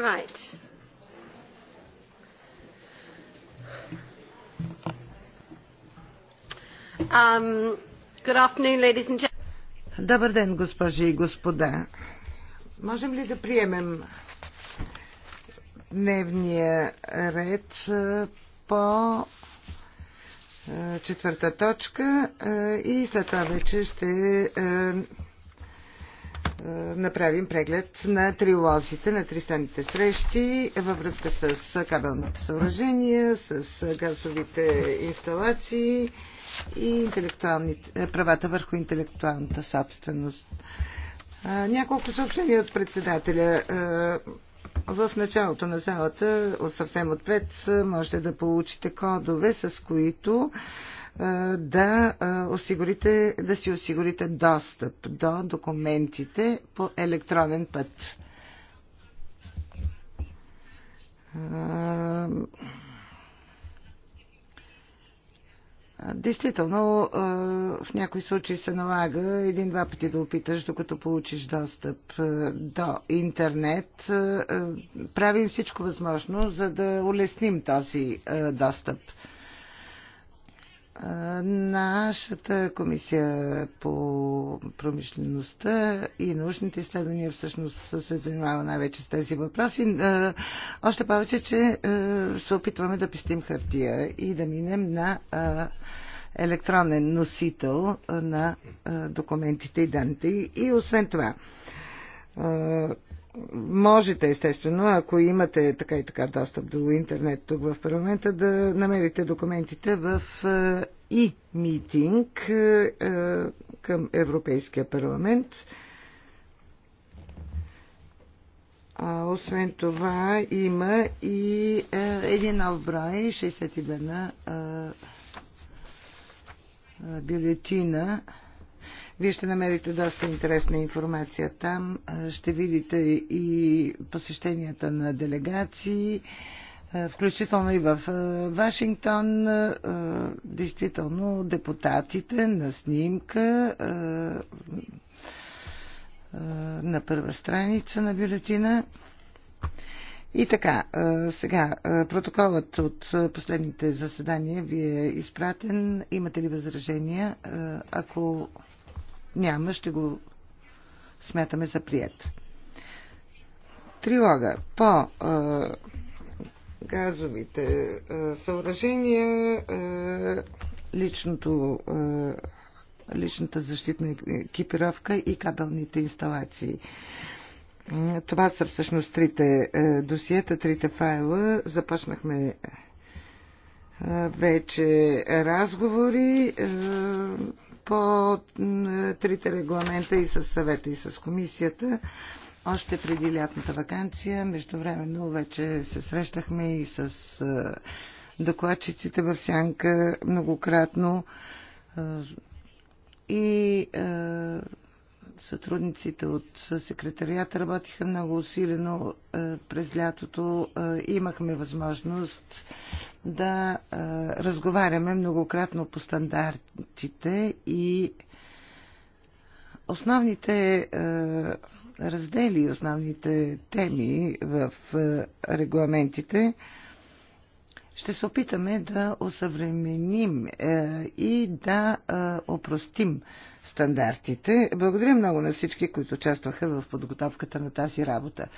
Right. Um, good afternoon, ladies and gentlemen. Добър ден, госпожи и господа. Можем ли да приемем дневния ред по четвърта точка и след това вече ще направим преглед на триолозите, на тристранните срещи във връзка с кабелните съоръжения, с газовите инсталации и е, правата върху интелектуалната собственост. Няколко съобщения от председателя. В началото на залата, съвсем отпред, можете да получите кодове, с които да, осигурите, да си осигурите достъп до документите по електронен път. Действително, в някои случаи се налага един-два пъти да опиташ, докато получиш достъп до интернет. Правим всичко възможно, за да улесним този достъп. Нашата комисия по промишлеността и научните изследвания всъщност се занимава най-вече с тези въпроси. Е, още повече, че е, се опитваме да пестим хартия и да минем на е, електронен носител на документите и данните. И освен това, можете, естествено, ако имате така и така достъп до интернет тук в парламента, да намерите документите в и e митинг към Европейския парламент. А, освен това има и е, един нов брой, 62 на е, е бюлетина. Вие ще намерите доста интересна информация там. Ще видите и посещенията на делегации, включително и в Вашингтон. Действително, депутатите на снимка на първа страница на бюлетина. И така, сега, протоколът от последните заседания ви е изпратен. Имате ли възражения? Ако няма, ще го смятаме за прият. Трилога по а, газовите а, съоръжения, а, личното, а, личната защитна екипировка и кабелните инсталации. Това са всъщност трите досиета, трите файла. Започнахме вече разговори по трите регламента и с съвета и с комисията. Още преди лятната вакансия, междувременно вече се срещахме и с докладчиците в Сянка многократно и сътрудниците от секретарията работиха много усилено през лятото. Имахме възможност да а, разговаряме многократно по стандартите и основните а, раздели, основните теми в а, регламентите ще се опитаме да осъвременим и да опростим стандартите. Благодаря много на всички, които участваха в подготовката на тази работа.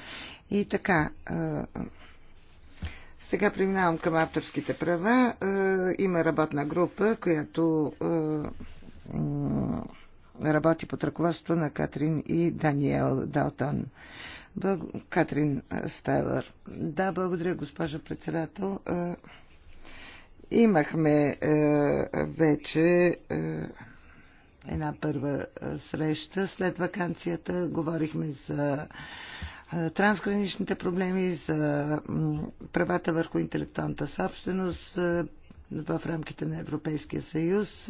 И така, сега преминавам към авторските права. Е, има работна група, която е, работи под ръководството на Катрин и Даниел Далтон. Бълг... Катрин е, Стайлър. Да, благодаря, госпожа председател. Имахме вече една първа среща след вакансията. Говорихме за трансграничните проблеми, за правата върху интелектуалната собственост в рамките на Европейския съюз,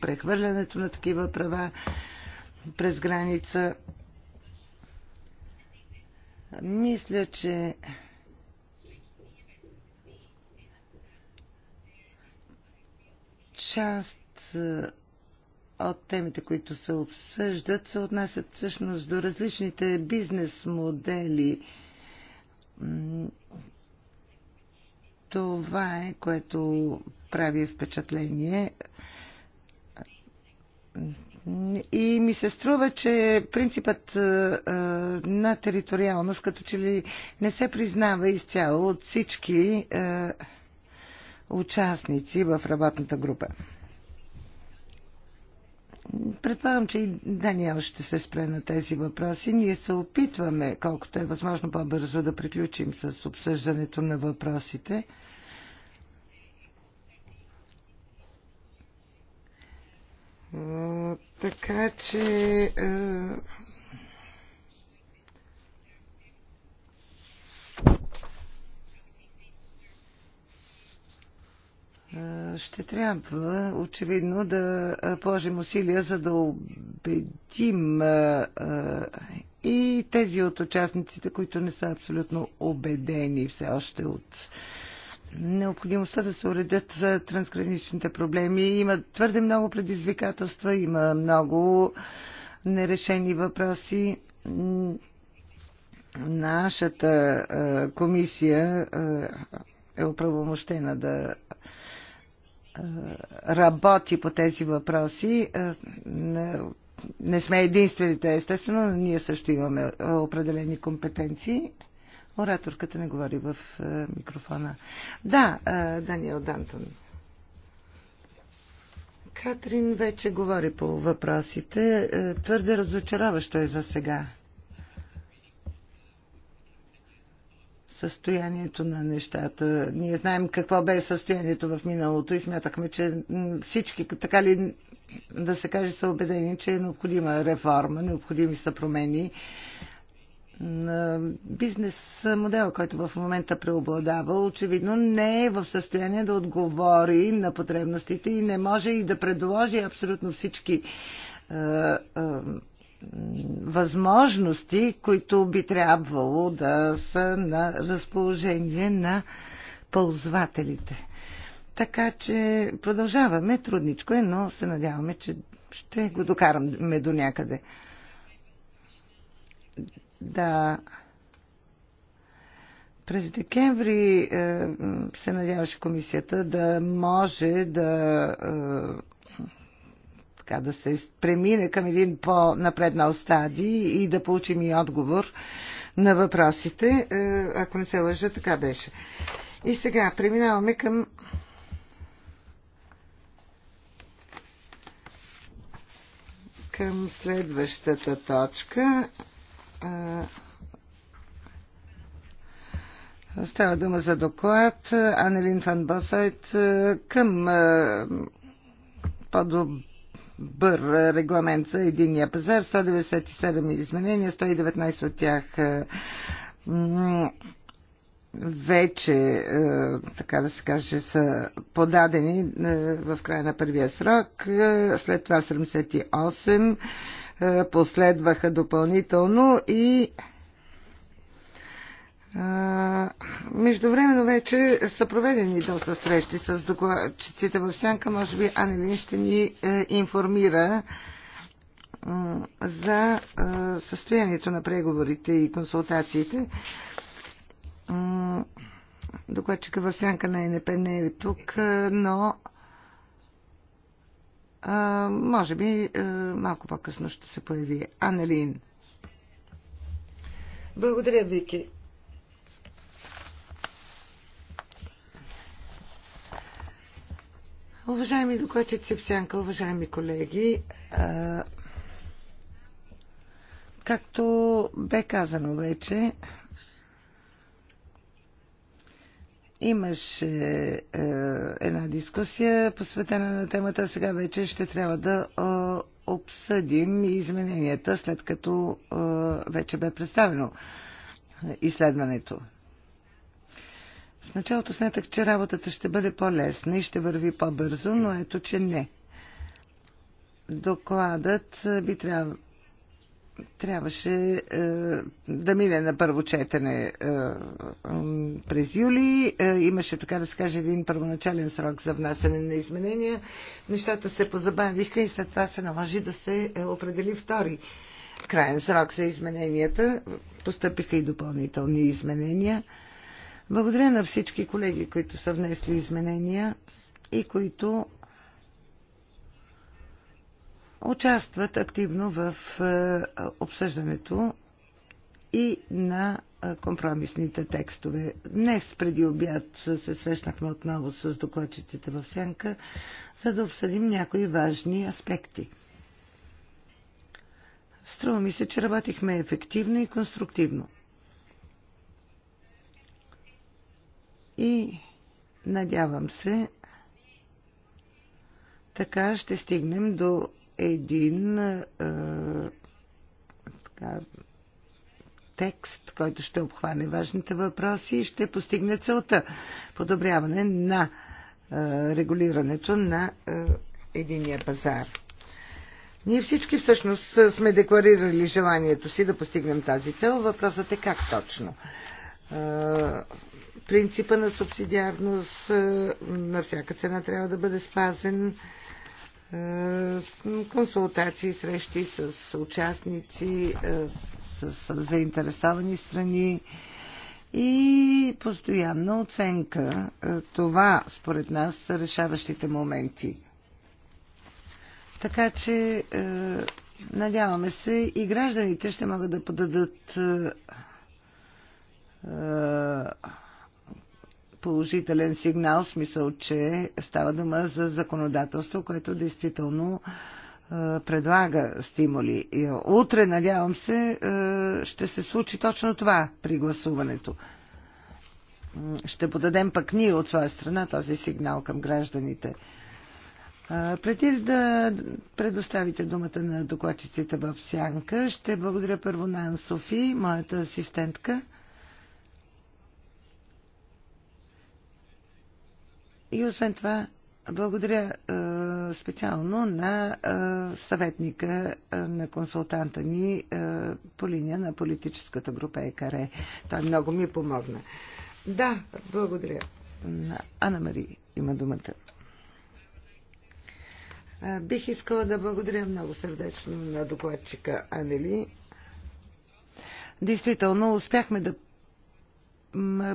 прехвърлянето на такива права през граница. Мисля, че част от темите, които се обсъждат, се отнасят всъщност до различните бизнес модели. Това е, което прави впечатление. И ми се струва, че принципът е, е, на териториалност като че ли не се признава изцяло от всички е, участници в работната група. Предполагам, че и Даниел ще се спре на тези въпроси. Ние се опитваме, колкото е възможно по-бързо, да приключим с обсъждането на въпросите. Така че Ще трябва очевидно да положим усилия, за да убедим и тези от участниците, които не са абсолютно убедени все още от необходимостта да се уредят трансграничните проблеми. Има твърде много предизвикателства, има много нерешени въпроси. Нашата комисия е оправомощена да работи по тези въпроси. Е, не сме единствените, естествено, но ние също имаме е, определени компетенции. Ораторката не говори в е, микрофона. Да, Даниел Дантон. Катрин вече говори по въпросите. Твърде разочароващо е за сега. състоянието на нещата. Ние знаем какво бе състоянието в миналото и смятахме, че всички, така ли да се каже, са убедени, че е необходима реформа, необходими са промени. Бизнес модел, който в момента преобладава, очевидно не е в състояние да отговори на потребностите и не може и да предложи абсолютно всички възможности, които би трябвало да са на разположение на ползвателите. Така че продължаваме, трудничко е, но се надяваме, че ще го докараме до някъде. Да. През декември е, се надяваше комисията да може да е, така да се премине към един по-напреднал стадий и да получим и отговор на въпросите. Е, ако не се лъжа, така беше. И сега преминаваме към към следващата точка. Е, става дума за доклад е, Анелин Фан Босойт към по БЪР е, регламент за единния пазар, 197 изменения, 119 от тях е, вече, е, така да се каже, са подадени в края на първия срок. След това 78 последваха допълнително и Междувременно вече са проведени доста срещи с докладчиците в Сянка. Може би Анелин ще ни е, информира за състоянието на преговорите и консултациите. Докладчика в Сянка на НП не е тук, е, но може би е, малко по-късно ще се появи. Анелин. Благодаря, Вики. Уважаеми докладчици в уважаеми колеги, както бе казано вече, имаше една дискусия посветена на темата. Сега вече ще трябва да обсъдим измененията, след като вече бе представено изследването началото смятах, че работата ще бъде по-лесна и ще върви по-бързо, но ето, че не. Докладът е, би трябва, трябваше е, да мине на първо четене е, през юли. Е, имаше, така да се каже, един първоначален срок за внасяне на изменения. Нещата се позабавиха и след това се наложи да се е, определи втори крайен срок за измененията. Постъпиха и допълнителни изменения. Благодаря на всички колеги, които са внесли изменения и които участват активно в е, обсъждането и на е, компромисните текстове. Днес преди обяд се срещнахме отново с докладчиците в Сянка, за да обсъдим някои важни аспекти. Струва ми се, че работихме ефективно и конструктивно. И надявам се, така ще стигнем до един е, така, текст, който ще обхване важните въпроси и ще постигне целта подобряване на е, регулирането на е, единия пазар. Ние всички всъщност сме декларирали желанието си да постигнем тази цел. Въпросът е как точно принципа на субсидиарност е, на всяка цена трябва да бъде спазен. Е, консултации, срещи с участници, е, с заинтересовани страни и постоянна оценка. Това, според нас, са решаващите моменти. Така че, надяваме се, и гражданите ще могат да подадат положителен сигнал, в смисъл, че става дума за законодателство, което действително е, предлага стимули. Е, утре, надявам се, е, ще се случи точно това при гласуването. Ще подадем пък ние от своя страна този сигнал към гражданите. Преди да предоставите думата на докладчиците в Сянка, ще благодаря първо на Ан Софи, моята асистентка. И освен това, благодаря е, специално на е, съветника, е, на консултанта ни е, по линия на политическата група ЕКАРЕ. Той много ми помогна. Да, благодаря. Ана Мари има думата. Е, бих искала да благодаря много сърдечно на докладчика Анели. Действително успяхме да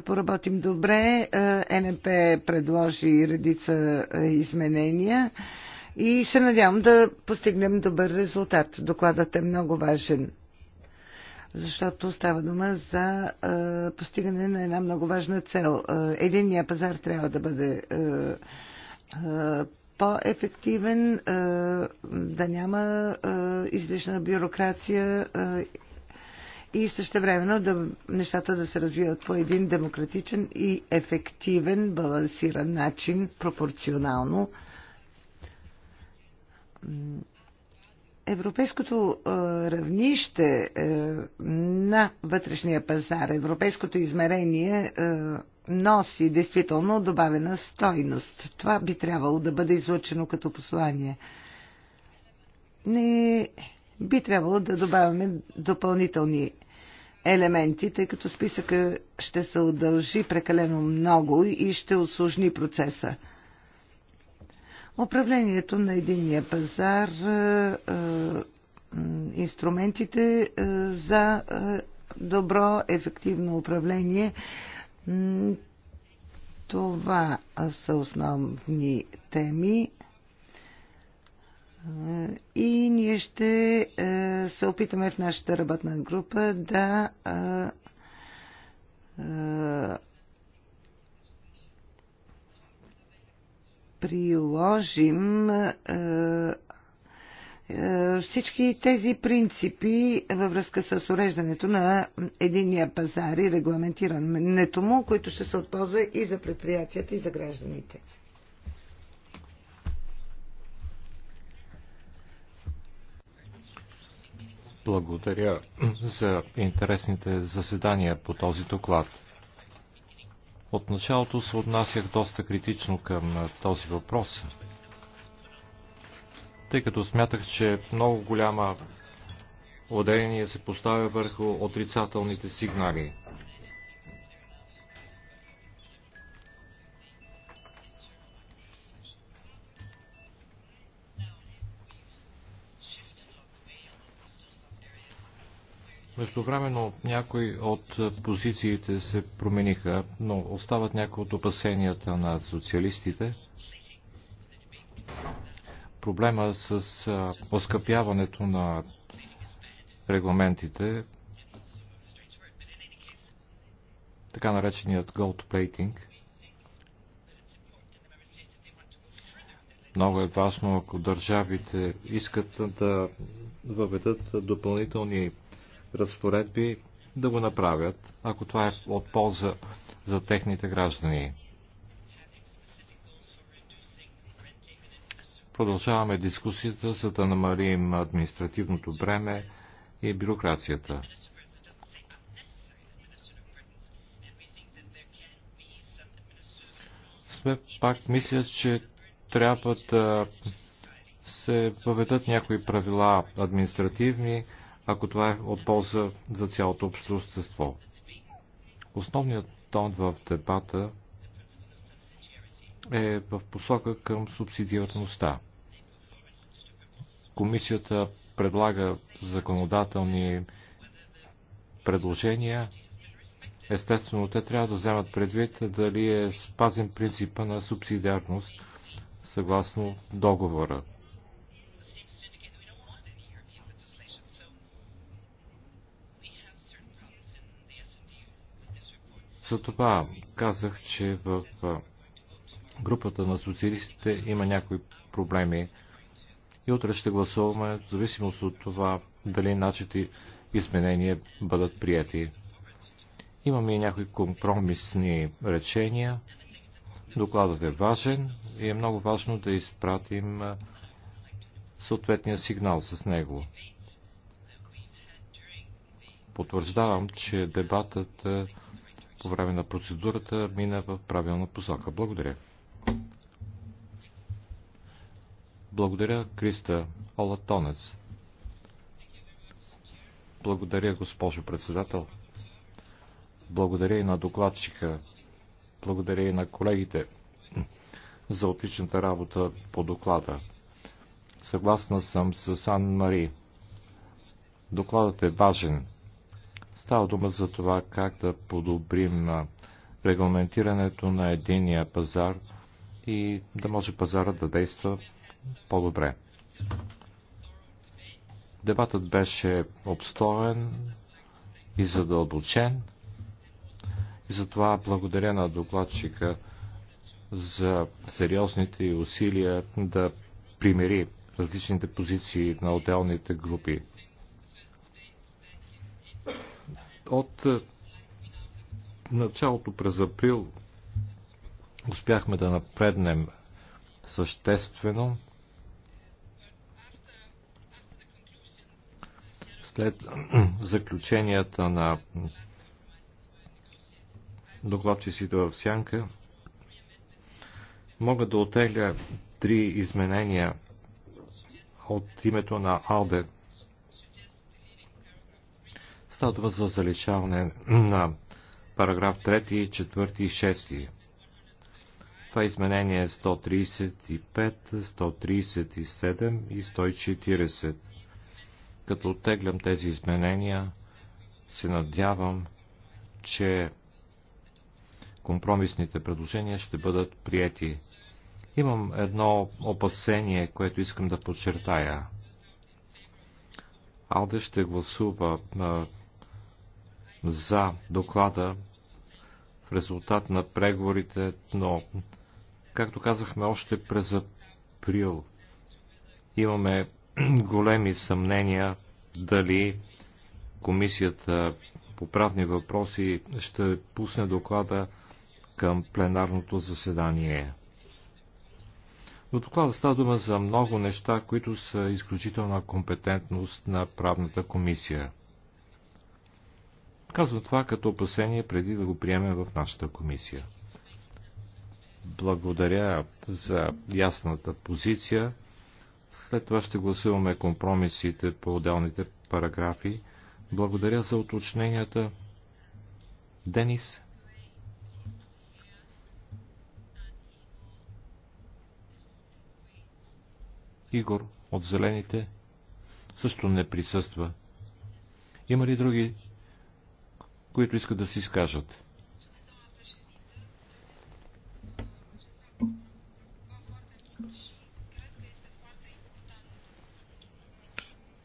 поработим добре. Е, НП предложи редица е, изменения и се надявам да постигнем добър резултат. Докладът е много важен, защото става дума за е, постигане на една много важна цел. Единния пазар трябва да бъде по-ефективен, да няма излишна бюрокрация и същевременно да, нещата да се развиват по един демократичен и ефективен, балансиран начин, пропорционално. Европейското е, равнище е, на вътрешния пазар, европейското измерение е, носи действително добавена стойност. Това би трябвало да бъде излъчено като послание. Не би трябвало да добавяме допълнителни елементи, тъй като списъка ще се удължи прекалено много и ще осложни процеса. Управлението на единния пазар, е, е, инструментите е, за добро, ефективно управление, това са основни теми. И ние ще е, се опитаме в нашата работна група да е, е, приложим всички тези принципи във връзка с уреждането на единия пазар и регламентирането му, които ще се отползва и за предприятията, и за гражданите. Благодаря за интересните заседания по този доклад. От началото се отнасях доста критично към този въпрос, тъй като смятах, че много голяма ударение се поставя върху отрицателните сигнали. Междувременно някои от позициите се промениха, но остават някои от опасенията на социалистите. Проблема с оскъпяването на регламентите, така нареченият gold plating. Много е важно, ако държавите искат да въведат допълнителни разпоредби да го направят, ако това е от полза за техните граждани. Продължаваме дискусията, за да намалим административното бреме и бюрокрацията. Сме пак мисля, че трябва да се въведат някои правила административни, ако това е от полза за цялото общество. Основният тон в дебата е в посока към субсидиарността. Комисията предлага законодателни предложения. Естествено, те трябва да вземат предвид дали е спазен принципа на субсидиарност съгласно договора. Затова казах, че в групата на социалистите има някои проблеми. И утре ще гласуваме, в зависимост от това, дали начите изменения бъдат прияти. Имаме и някои компромисни речения. Докладът е важен и е много важно да изпратим съответния сигнал с него. Потвърждавам, че дебатът по време на процедурата мина в правилна посока. Благодаря. Благодаря, Криста Ола Тонец. Благодаря, госпожо председател. Благодаря и на докладчика. Благодаря и на колегите за отличната работа по доклада. Съгласна съм с Ан Мари. Докладът е важен. Става дума за това как да подобрим регламентирането на единия пазар и да може пазара да действа по-добре. Дебатът беше обстоен и задълбочен. И затова благодаря на докладчика за сериозните усилия да примери различните позиции на отделните групи. От е, началото през април успяхме да напреднем съществено. След заключенията на докладчиците в сянка, мога да отегля три изменения от името на Алден Става дума за заличаване на параграф 3, 4 и 6. Това изменение е 135, 137 и 140. Като оттеглям тези изменения, се надявам, че компромисните предложения ще бъдат приети. Имам едно опасение, което искам да подчертая. Алде ще гласува за доклада в резултат на преговорите, но, както казахме още през април, имаме големи съмнения дали Комисията по правни въпроси ще пусне доклада към пленарното заседание. Но доклада става дума за много неща, които са изключителна компетентност на правната комисия. Казва това като опасение преди да го приемем в нашата комисия. Благодаря за ясната позиция. След това ще гласуваме компромисите по отделните параграфи. Благодаря за уточненията. Денис. Игор от Зелените също не присъства. Има ли други които искат да се изкажат.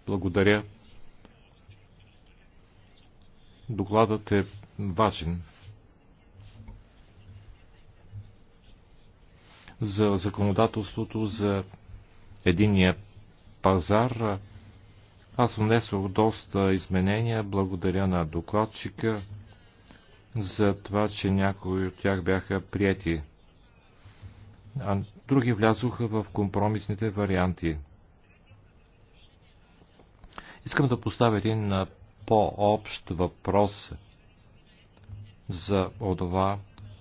Благодаря. Докладът е важен за законодателството за единия пазар аз внесох доста изменения, благодаря на докладчика за това, че някои от тях бяха прияти, а други влязоха в компромисните варианти. Искам да поставя един по-общ въпрос за това,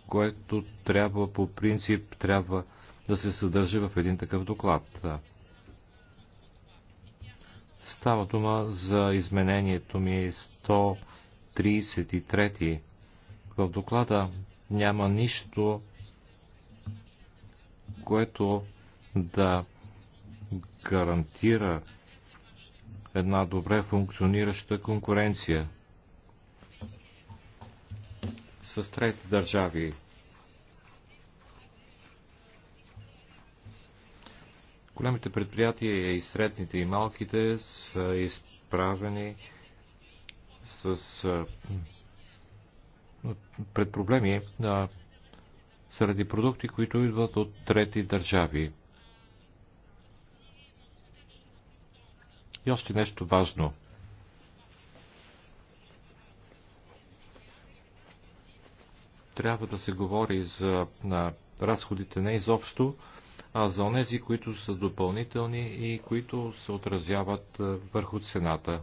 което трябва по принцип трябва да се съдържи в един такъв доклад. Става дума за изменението ми 133. Е В доклада няма нищо, което да гарантира една добре функционираща конкуренция с трети държави. Големите предприятия и средните и малките са изправени с пред проблеми а, заради продукти, които идват от трети държави. И още нещо важно. Трябва да се говори за на разходите не изобщо, а за онези, които са допълнителни и които се отразяват върху цената.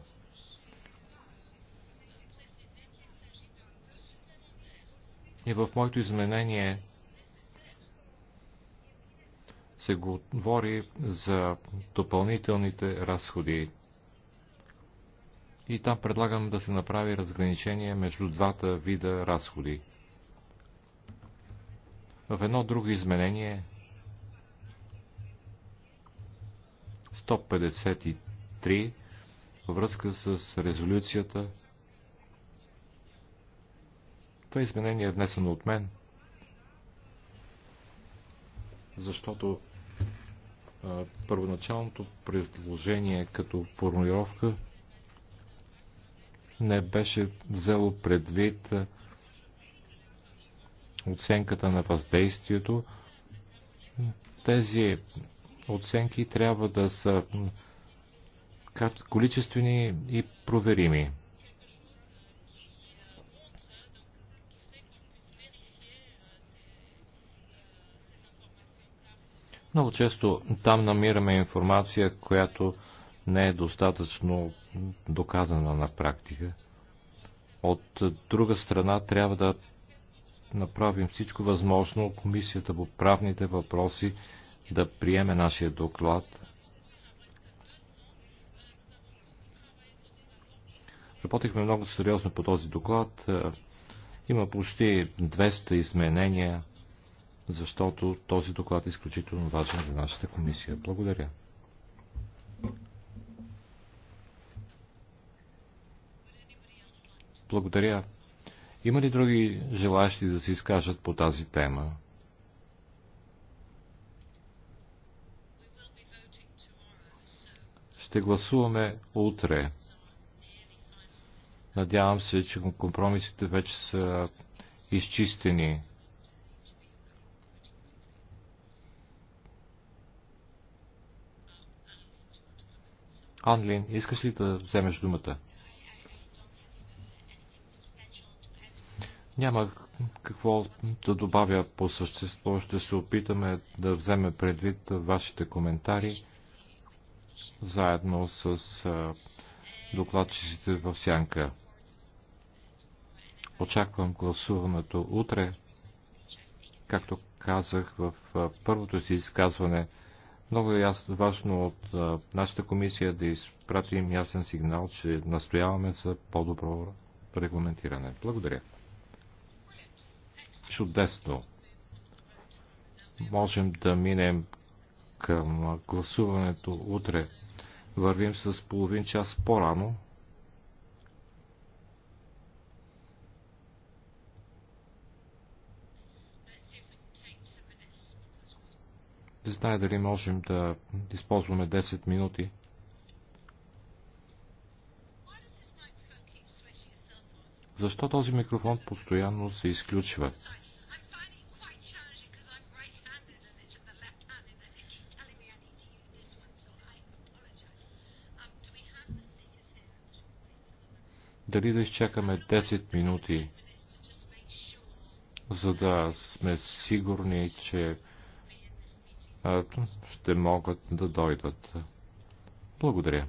И в моето изменение се говори за допълнителните разходи. И там предлагам да се направи разграничение между двата вида разходи. В едно друго изменение 153 във връзка с резолюцията. Това изменение е внесено от мен, защото а, първоначалното предложение като формулировка не беше взело предвид оценката на въздействието. Тези оценки трябва да са количествени и проверими. Много често там намираме информация, която не е достатъчно доказана на практика. От друга страна трябва да направим всичко възможно Комисията по правните въпроси да приеме нашия доклад. Работихме много сериозно по този доклад. Е, има почти 200 изменения, защото този доклад е изключително важен за нашата комисия. Благодаря. Благодаря. Има ли други желащи да се изкажат по тази тема? ще гласуваме утре. Надявам се, че компромисите вече са изчистени. Анлин, искаш ли да вземеш думата? Няма какво да добавя по същество. Ще се опитаме да вземе предвид вашите коментари заедно с докладчиците в Сянка. Очаквам гласуването утре. Както казах в първото си изказване, много е ясно, важно от нашата комисия да изпратим ясен сигнал, че настояваме за по-добро регламентиране. Благодаря. Чудесно. Можем да минем към гласуването утре вървим с половин час по-рано. Не знае дали можем да използваме 10 минути. Защо този микрофон постоянно се изключва? дали да изчакаме 10 минути, за да сме сигурни, че ще могат да дойдат. Благодаря.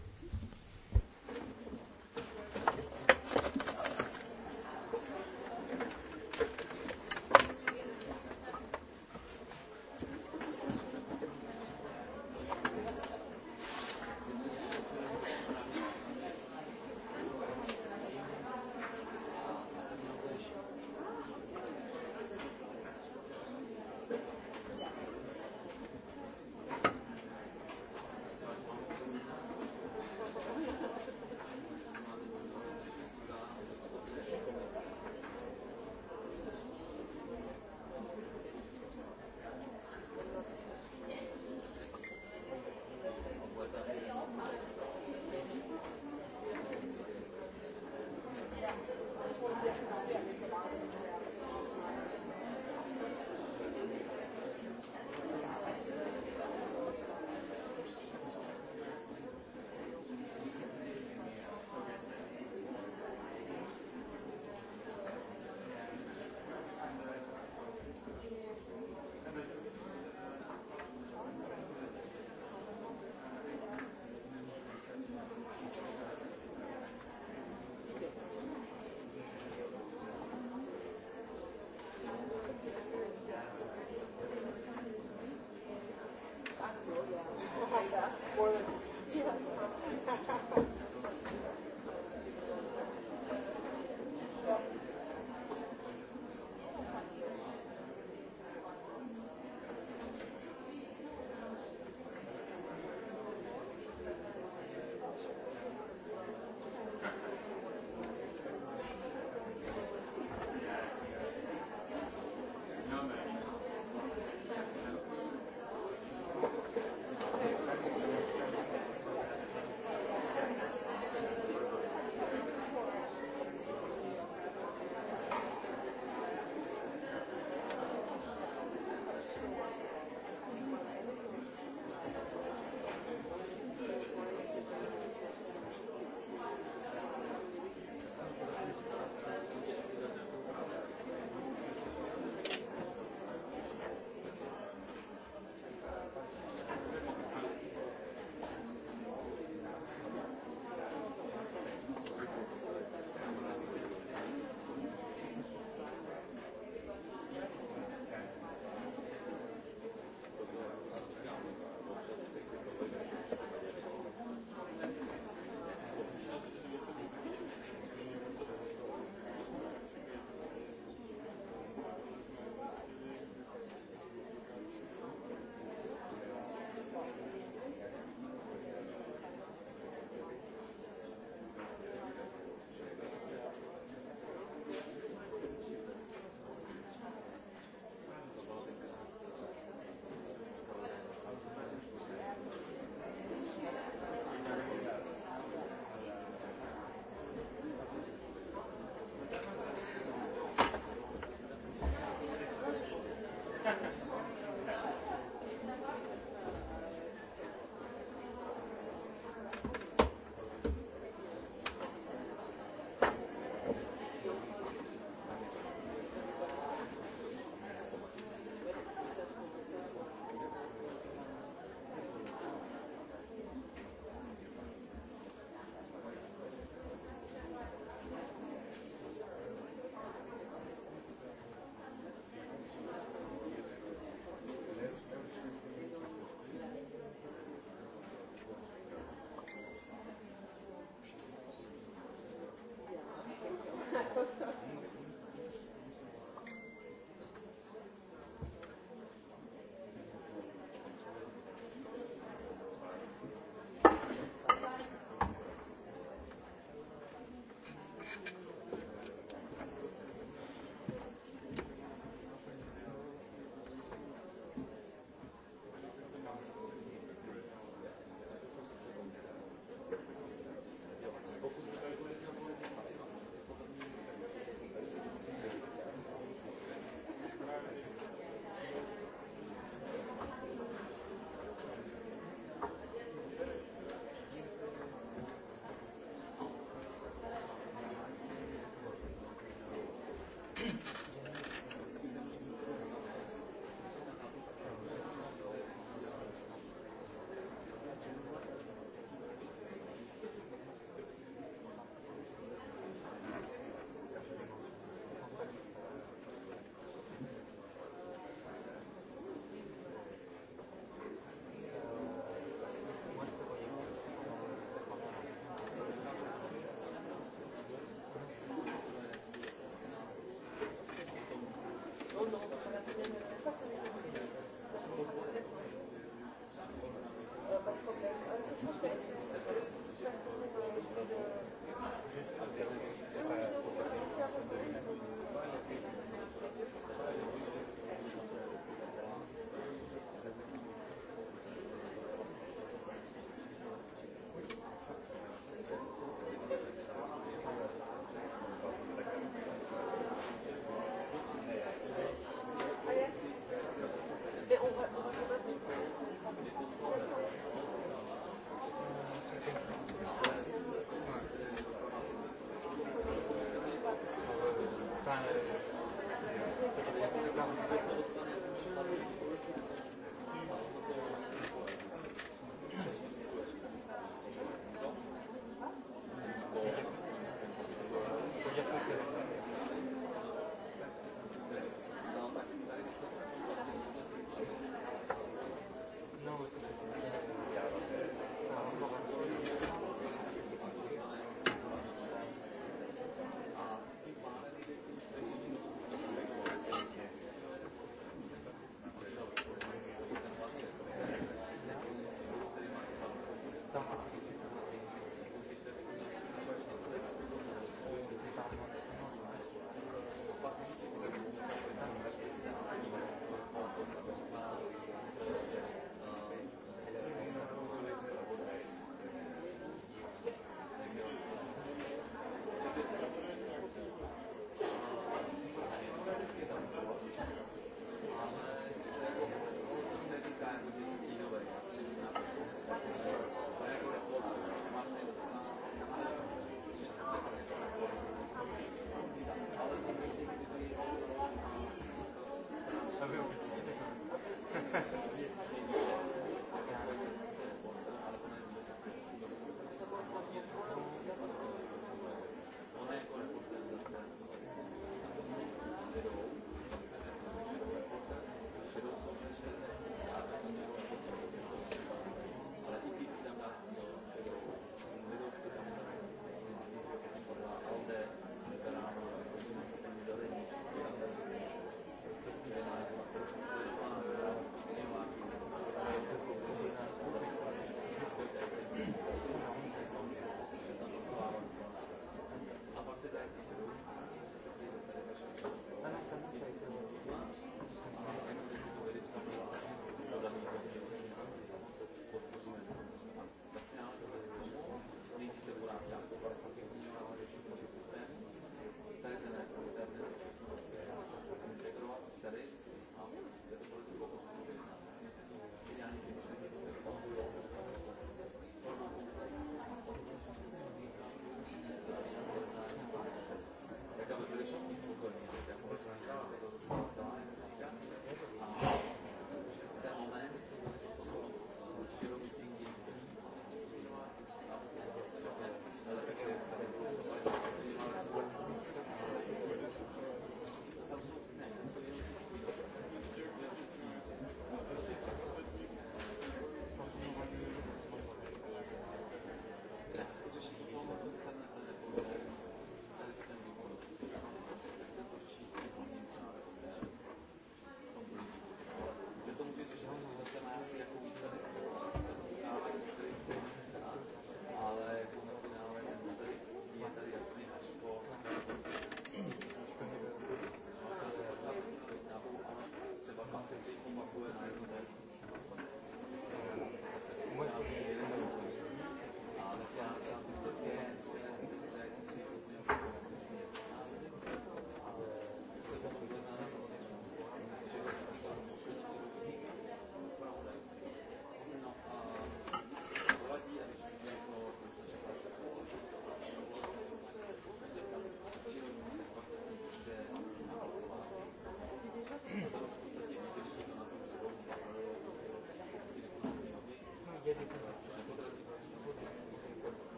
Juste des réseaux, c'est pas pour faire des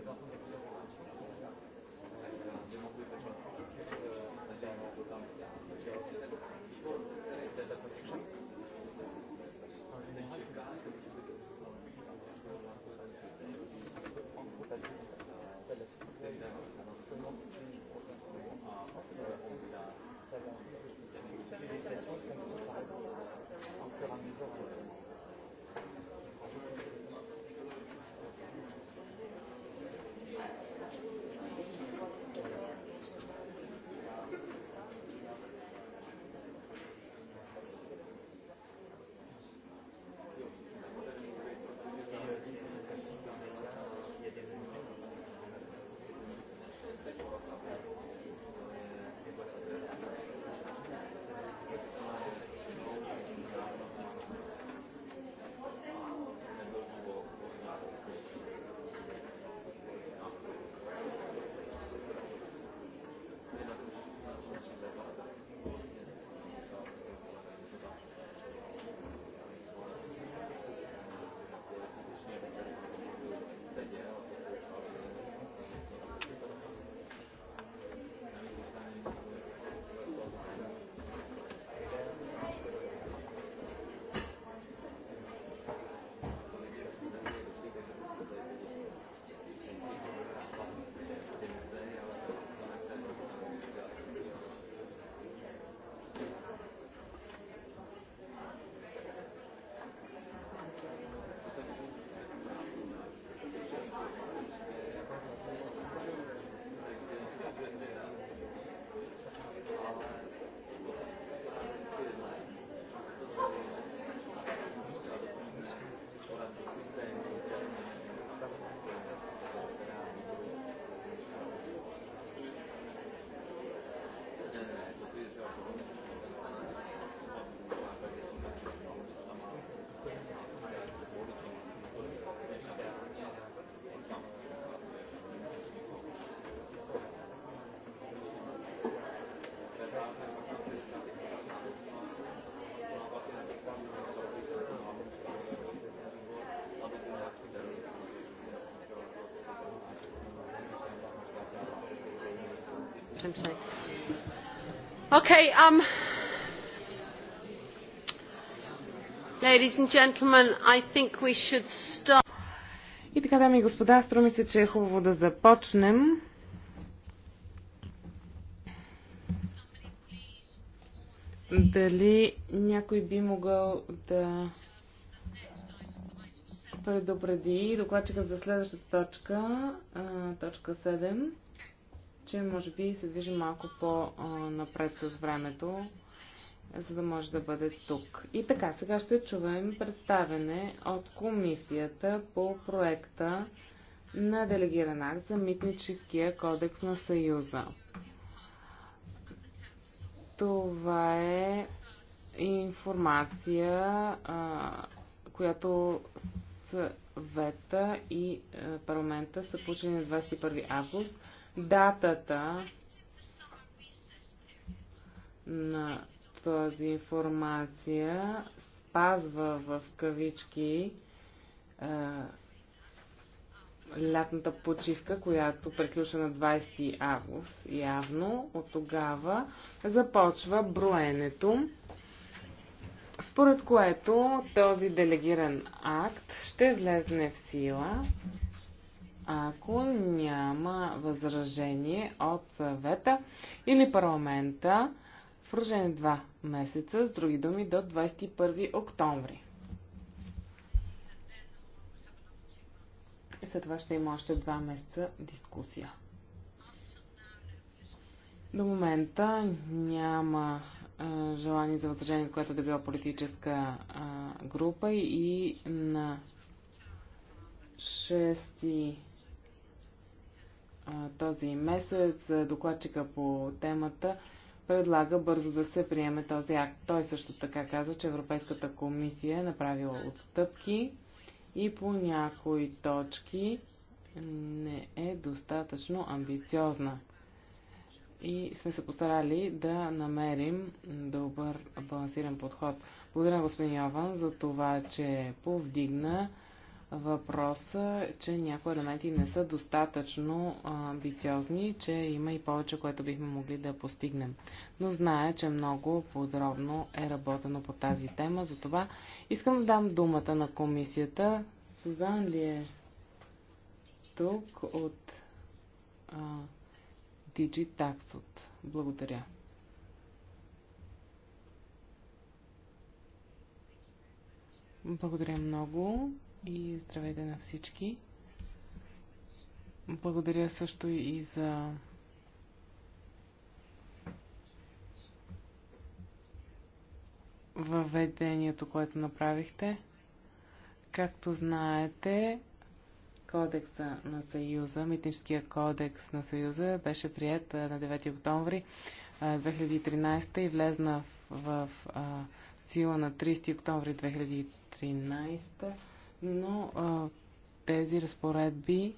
Спасибо. say. Okay, um, ladies and gentlemen, I think we should start. И така, дами и господа, струми се, че е хубаво да започнем. Дали някой би могъл да предупреди докладчика за следващата точка, точка 7 че може би се движи малко по-напред с времето, за да може да бъде тук. И така, сега ще чуваме представене от комисията по проекта на делегиран акт за митническия кодекс на Съюза. Това е информация, а, която съвета и парламента са получени на 21 август датата на тази информация спазва в кавички е, лятната почивка, която приключва на 20 август явно. От тогава започва броенето, според което този делегиран акт ще влезне в сила ако няма възражение от съвета или парламента в продължение два месеца, с други думи до 21 октомври. И след това ще има още два месеца дискусия. До момента няма а, желание за възражение, което да била политическа а, група и на този месец. Докладчика по темата предлага бързо да се приеме този акт. Той също така каза, че Европейската комисия е направила отстъпки и по някои точки не е достатъчно амбициозна. И сме се постарали да намерим добър балансиран подход. Благодаря господин Йован за това, че повдигна въпроса, че някои елементи не са достатъчно амбициозни, че има и повече, което бихме могли да постигнем. Но зная, че много подробно е работено по тази тема, затова искам да дам думата на комисията. Сузан ли е тук от DigiTaxot? Благодаря. Благодаря много и здравейте на всички. Благодаря също и за въведението, което направихте. Както знаете, Кодекса на Съюза, Митническия кодекс на Съюза беше прият на 9 октомври 2013 и влезна в, в, в сила на 30 октомври 2013 но а, тези разпоредби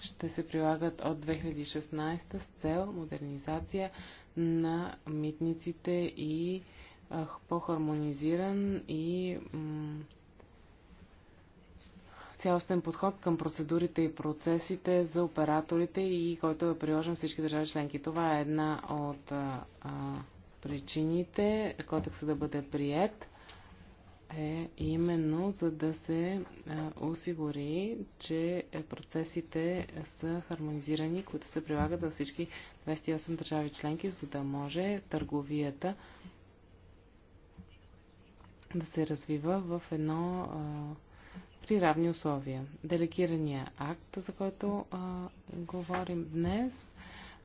ще се прилагат от 2016 с цел модернизация на митниците и по-хармонизиран и цялостен подход към процедурите и процесите за операторите и който е приложен всички държави членки. Това е една от а, причините кодексът да бъде прият е именно за да се осигури, че процесите са хармонизирани, които се прилагат във всички 28 държави членки, за да може търговията да се развива в едно а, при равни условия. Делегирания акт, за който а, говорим днес,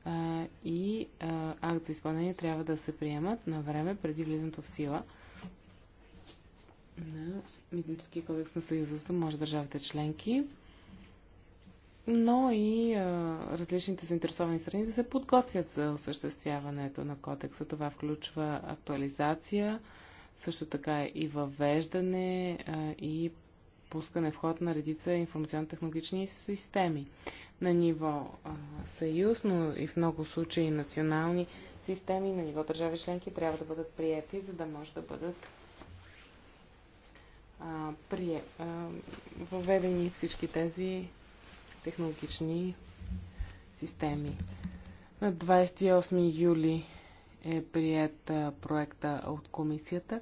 а, и а, акт за изпълнение трябва да се приемат на време преди влизането в сила – на Митническия кодекс на Съюза, за може държавите членки, но и а, различните заинтересовани страни да се подготвят за осъществяването на кодекса. Това включва актуализация, също така и въвеждане а, и пускане в ход на редица информационно-технологични системи на ниво а, съюз, но и в много случаи национални системи на ниво държави членки трябва да бъдат приети, за да може да бъдат а, при, а, въведени всички тези технологични системи. На 28 юли е прият проекта от комисията.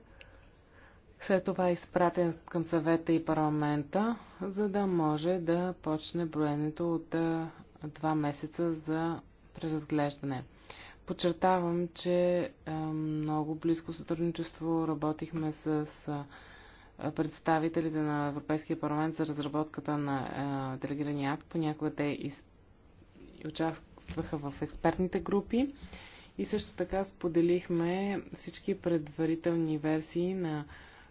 След това е изпратен към съвета и парламента, за да може да почне броенето от два месеца за преразглеждане. Подчертавам, че много близко сътрудничество работихме с представителите на Европейския парламент за разработката на е, делегирания акт. Понякога те из... участваха в експертните групи и също така споделихме всички предварителни версии на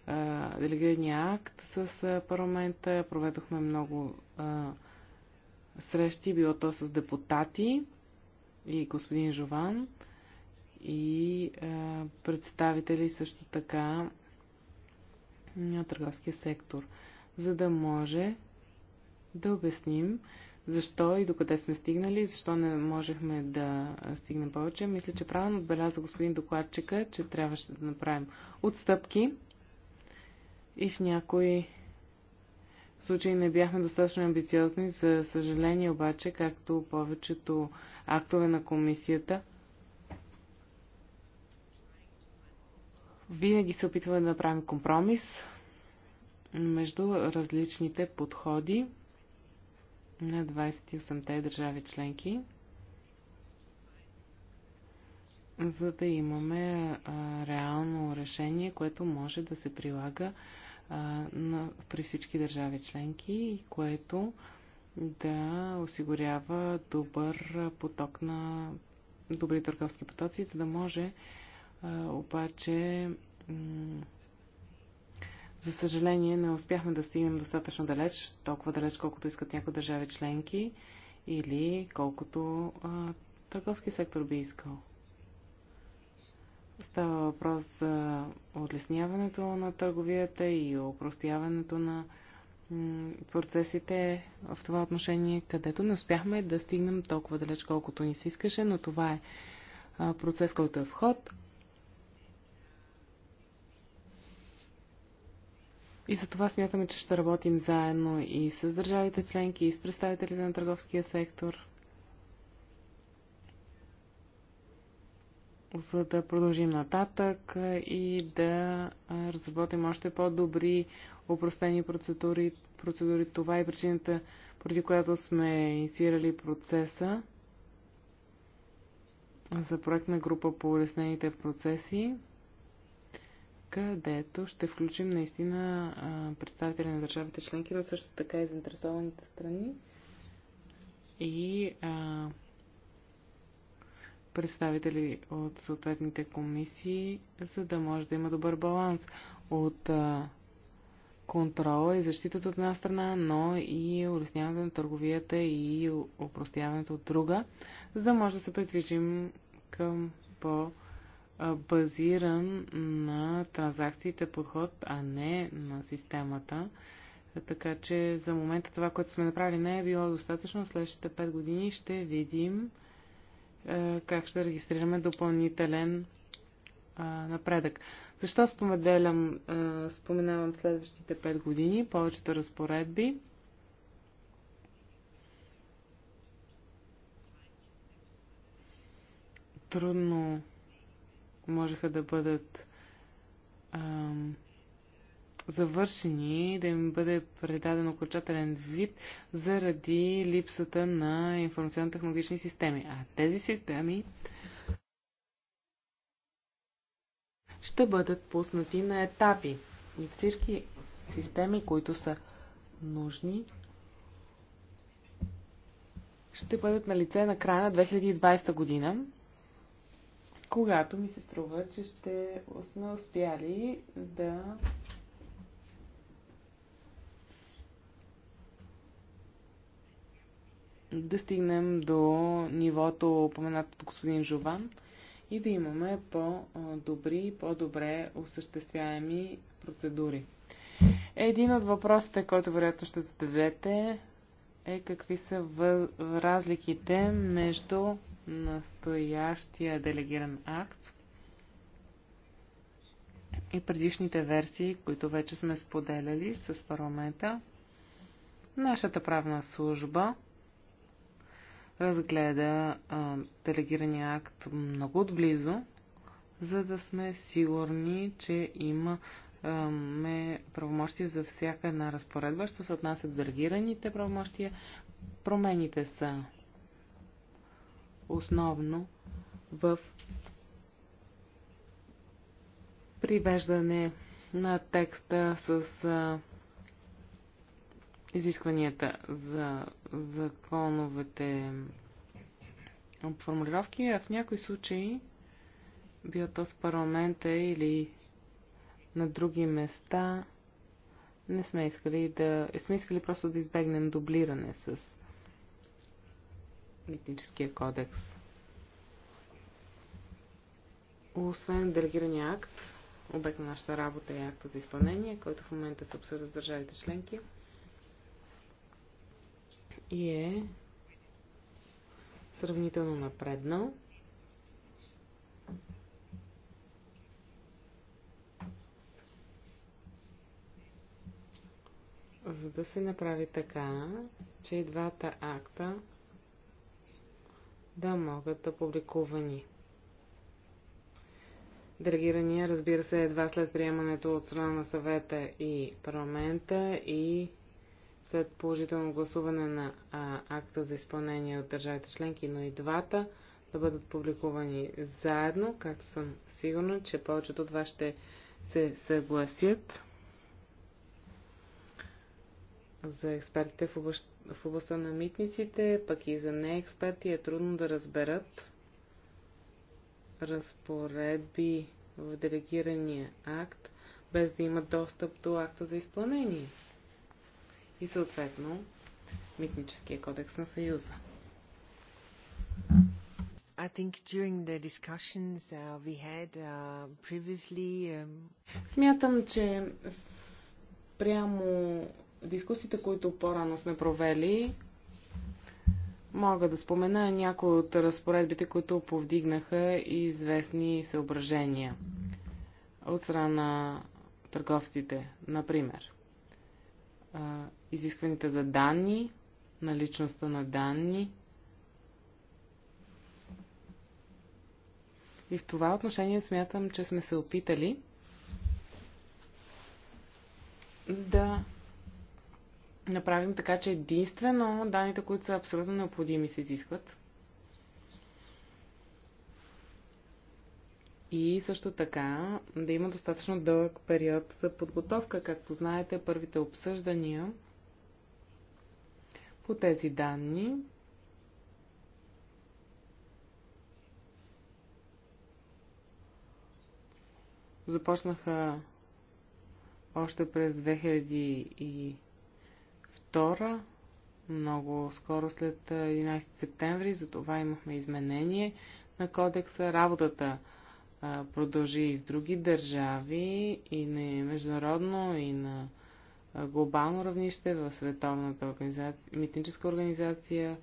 е, делегирания акт с е, парламента. Проведохме много а, срещи, било то с депутати и господин Жован и а, представители също така на търговския сектор, за да може да обясним защо и докъде сме стигнали, защо не можехме да стигнем повече. Мисля, че правилно отбеляза господин докладчика, че трябваше да направим отстъпки и в някои случаи не бяхме достатъчно амбициозни. За съжаление обаче, както повечето актове на комисията, Винаги се опитваме да направим компромис между различните подходи на 28-те държави членки, за да имаме реално решение, което може да се прилага при всички държави членки и което да осигурява добър поток на добри търговски потоци, за да може обаче, за съжаление, не успяхме да стигнем достатъчно далеч, толкова далеч, колкото искат някои държави членки или колкото а, търговски сектор би искал. Става въпрос за отлесняването на търговията и упростяването на процесите в това отношение, където не успяхме да стигнем толкова далеч, колкото ни се искаше, но това е процес, който е в ход. И за това смятаме, че ще работим заедно и с държавите членки, и с представителите на търговския сектор, за да продължим нататък и да разработим още по-добри упростени процедури. процедури. Това е причината, поради която сме инициирали процеса за проектна група по улеснените процеси където ще включим наистина представители на държавите членки, но също така и заинтересованите страни и а, представители от съответните комисии, за да може да има добър баланс от а, контрола и защитата от една страна, но и улесняването на търговията и упростяването от друга, за да може да се придвижим към по- базиран на транзакциите подход, а не на системата. Така че за момента това, което сме направили, не е било достатъчно. Следващите 5 години ще видим как ще регистрираме допълнителен напредък. Защо споменавам, споменавам следващите 5 години, повечето разпоредби? Трудно можеха да бъдат ам, завършени, да им бъде предаден окончателен вид заради липсата на информационно-технологични системи. А тези системи ще бъдат пуснати на етапи. И всички системи, които са нужни, ще бъдат на лице на края на 2020 година когато ми се струва, че ще сме успяли да да стигнем до нивото упоменато от господин Жован и да имаме по-добри и по-добре осъществяеми процедури. Един от въпросите, който вероятно ще зададете е какви са разликите между настоящия делегиран акт и предишните версии, които вече сме споделяли с парламента, нашата правна служба разгледа а, делегирания акт много отблизо, за да сме сигурни, че има имаме правомощия за всяка една разпоредба, що се отнасят делегираните правомощия. Промените са основно в привеждане на текста с а, изискванията за законовете формулировки, а в някои случаи, било то с парламента или на други места, не сме искали да... сме искали просто да избегнем дублиране с митническия кодекс. Освен делегирания акт, обект на нашата работа е акта за изпълнение, който в момента се обсъжда с държавите членки. И е сравнително напреднал. За да се направи така, че и двата акта да могат да публикувани. Делегирания, разбира се, едва след приемането от страна на съвета и парламента и след положително гласуване на а, акта за изпълнение от държавите членки, но и двата да бъдат публикувани заедно, както съм сигурна, че повечето от вас ще се съгласят за експертите в областта, в областта на митниците, пък и за неексперти е трудно да разберат разпоредби в делегирания акт, без да имат достъп до акта за изпълнение и съответно Митническия кодекс на Съюза. I think during the discussions uh, we had uh, previously. Um... Смятам, че прямо дискусиите, които по-рано сме провели, мога да спомена някои от разпоредбите, които повдигнаха известни съображения от страна на търговците. Например, изискваните за данни, наличността на данни. И в това отношение смятам, че сме се опитали да направим така, че единствено данните, които са абсолютно необходими, се изискват. И също така да има достатъчно дълъг период за подготовка. Както знаете, първите обсъждания по тези данни започнаха още през 2000 и втора, много скоро след 11 септември, затова имахме изменение на кодекса. Работата продължи и в други държави, и на международно, и на глобално равнище, в Световната организация, митническа организация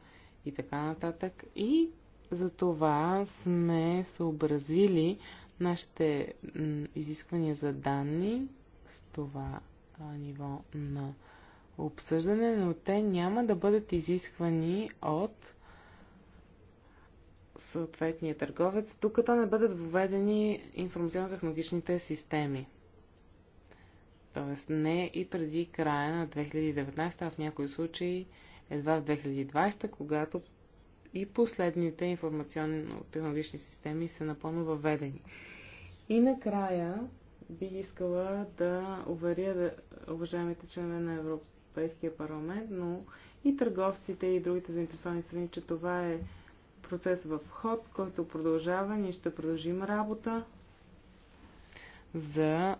и така нататък. И за това сме съобразили нашите изисквания за данни с това ниво на обсъждане, но те няма да бъдат изисквани от съответния търговец, докато не бъдат въведени информационно-технологичните системи. Тоест не и преди края на 2019, а в някои случаи едва в 2020, когато и последните информационно-технологични системи са напълно въведени. И накрая бих искала да уверя уважаемите членове на Европа Европейския парламент, но и търговците и другите заинтересовани страни, че това е процес в ход, който продължава. Ние ще продължим работа за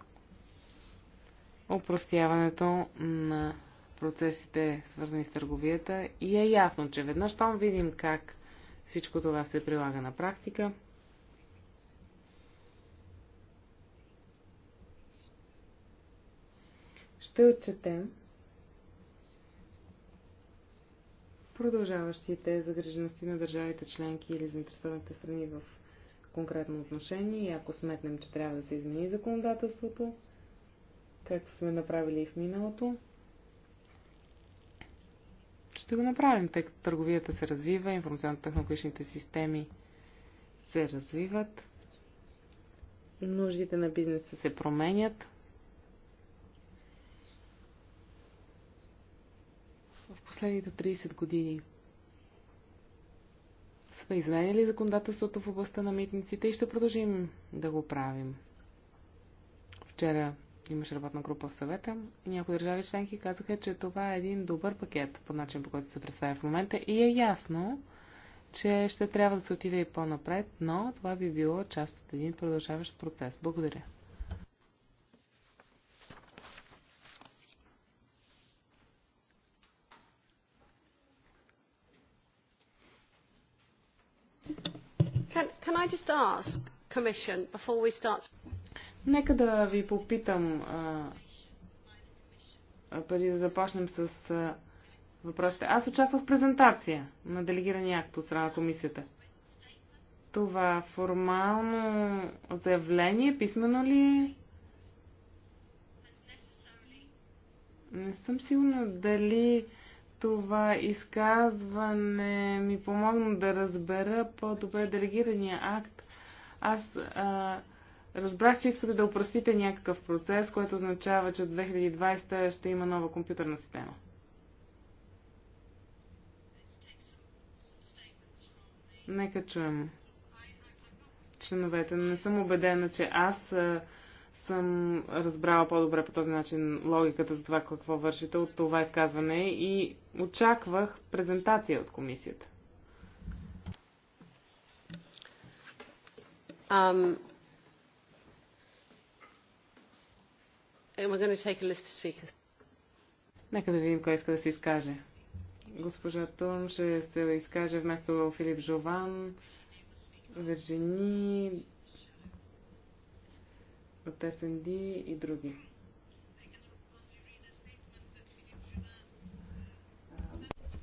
упростяването на процесите, свързани с търговията. И е ясно, че веднъж там видим как всичко това се прилага на практика, ще отчетем продължаващите загрежености на държавите членки или заинтересованите страни в конкретно отношение и ако сметнем, че трябва да се измени законодателството, както сме направили и в миналото, ще го направим, тъй като търговията се развива, информационно-технологичните системи се развиват, нуждите на бизнеса се променят последните 30 години. Сме изменили законодателството в областта на митниците и ще продължим да го правим. Вчера имаше работна група в съвета и някои държави членки казаха, че това е един добър пакет по начин, по който се представя в момента и е ясно, че ще трябва да се отиде и по-напред, но това би било част от един продължаващ процес. Благодаря. just ask Commission before we start? Нека да ви попитам преди да започнем с въпросите. Аз очаквах презентация на делегирания акт от страна на комисията. Това формално заявление, писмено ли е? Не съм сигурна дали това изказване ми помогна да разбера по-добре делегирания акт. Аз а, разбрах, че искате да упростите някакъв процес, което означава, че от 2020 ще има нова компютърна система. Нека чуем членовете. Не съм убедена, че аз а, съм разбрала по-добре по този начин логиката за това какво вършите от това изказване и очаквах презентация от комисията. Um, we're going to take a list of speakers. Нека да видим кой иска да се изкаже. Госпожа Турн ще се изкаже вместо Филип Жован, Вержини, от СНД и други.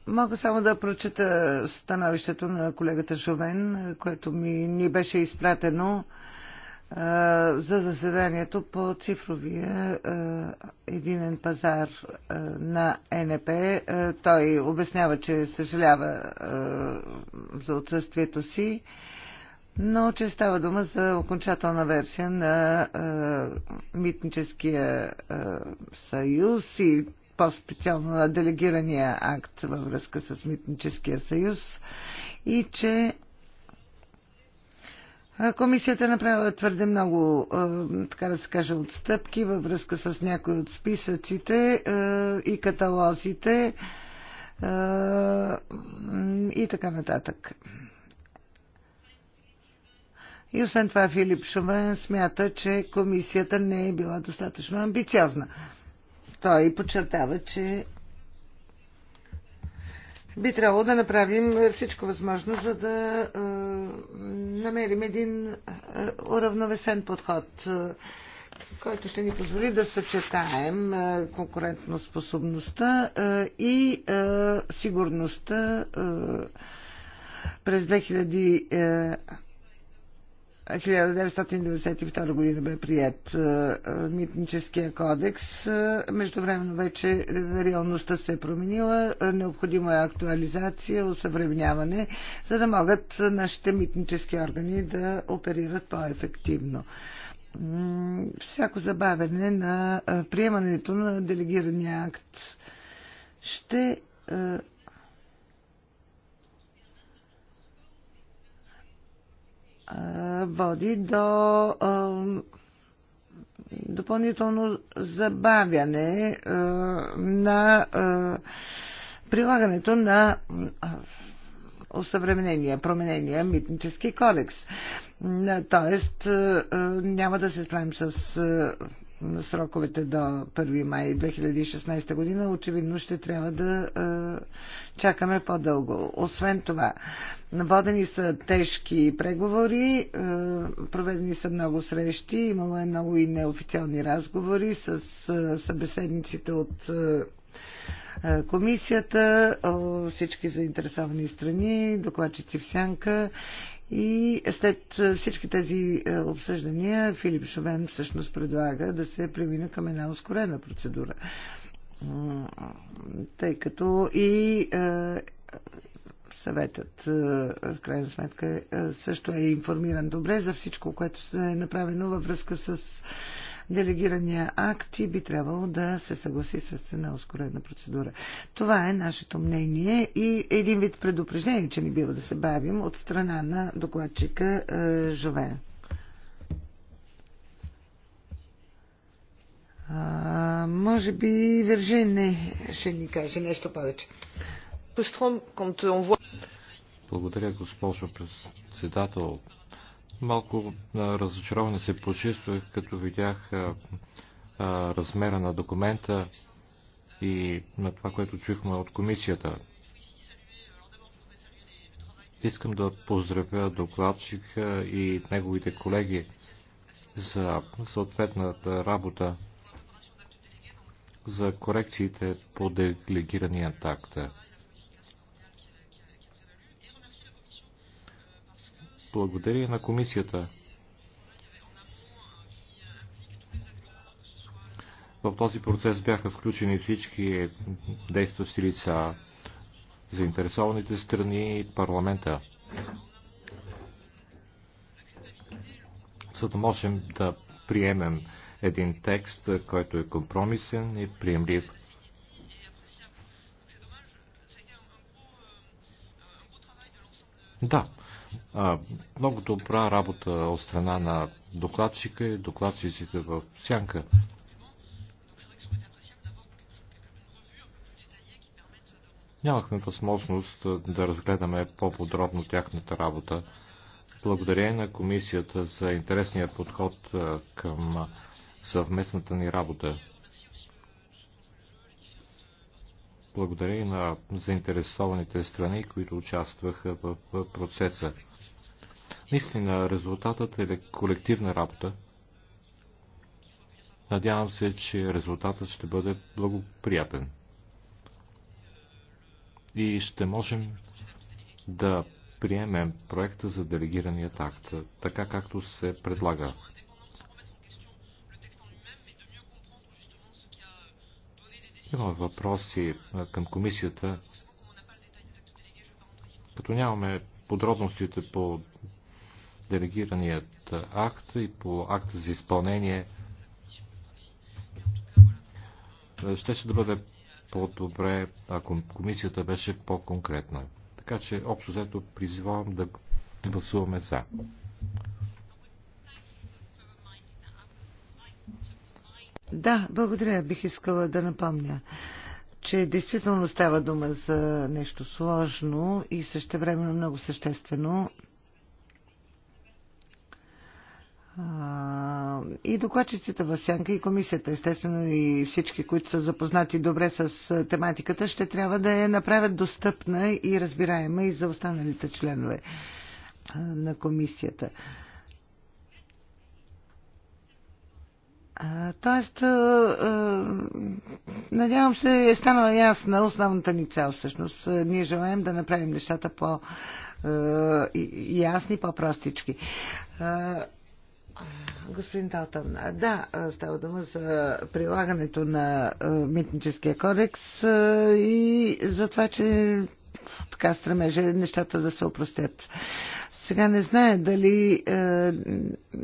Мога само да прочета становището на колегата Шовен, което ми ни беше изпратено за заседанието по цифровия единен пазар на НП. той обяснява, че съжалява за отсъствието си но че става дума за окончателна версия на а, митническия а, съюз и по-специално на делегирания акт във връзка с митническия съюз и че Комисията направила твърде много, така да се каже, отстъпки във връзка с някои от списъците и каталозите и така нататък. И освен това Филип Шумен смята, че комисията не е била достатъчно амбициозна. Той подчертава, че би трябвало да направим всичко възможно, за да е, намерим един е, уравновесен подход, е, който ще ни позволи да съчетаем е, конкурентноспособността е, и е, сигурността е, през 2000. Е, 1992 година бе прият митническия кодекс. Междувременно вече реалността се е променила. Необходима е актуализация, осъвременяване, за да могат нашите митнически органи да оперират по-ефективно. Всяко забавене на приемането на делегирания акт ще води до допълнително забавяне на прилагането на осъвременения, променения митнически кодекс. Тоест, няма да се справим с сроковете до 1 май 2016 година, очевидно ще трябва да чакаме по-дълго. Освен това, наводени са тежки преговори, проведени са много срещи, имало е много и неофициални разговори с събеседниците от комисията, всички заинтересовани страни, докладчици в сянка и след всички тези обсъждания Филип Шовен всъщност предлага да се премина към една ускорена процедура. Тъй като и съветът в крайна сметка също е информиран добре за всичко, което е направено във връзка с делегирания акт и би трябвало да се съгласи с една ускорена процедура. Това е нашето мнение и един вид предупреждение, че не бива да се бавим от страна на докладчика е, Жове. А, може би Вержене ще ни каже нещо повече. Е Благодаря, госпожо председател. Малко разочаровано се почувствах, като видях а, а, размера на документа и на това, което чухме от комисията. Искам да поздравя докладчика и неговите колеги за съответната работа за корекциите по делегирания такта. Благодаря на комисията. В този процес бяха включени всички действащи лица, заинтересованите страни и парламента, за да можем да приемем един текст, който е компромисен и приемлив. Да, много добра работа от страна на докладчика и докладчиците в Сянка. Нямахме възможност да разгледаме по-подробно тяхната работа. Благодарение на комисията за интересния подход към съвместната ни работа. Благодарение на заинтересованите страни, които участваха в процеса. Наистина, резултатът е колективна работа. Надявам се, че резултатът ще бъде благоприятен. И ще можем да приемем проекта за делегирания акт, така както се предлага. Имаме въпроси към комисията. Като нямаме подробностите по делегираният акт и по акта за изпълнение е, ще ще да бъде по-добре, ако комисията беше по-конкретна. Така че общо взето призвавам да гласуваме за. Да, благодаря. Бих искала да напомня, че действително става дума за нещо сложно и същевременно много съществено и докладчиците в Сянка и комисията, естествено и всички, които са запознати добре с тематиката, ще трябва да я направят достъпна и разбираема и за останалите членове на комисията. Тоест, надявам се, е станала ясна основната ни цел всъщност. Ние желаем да направим нещата по-ясни, по-простички господин Талтън. Да, става дума за прилагането на митническия кодекс и за това, че така стремеже нещата да се опростят. Сега не знае дали е,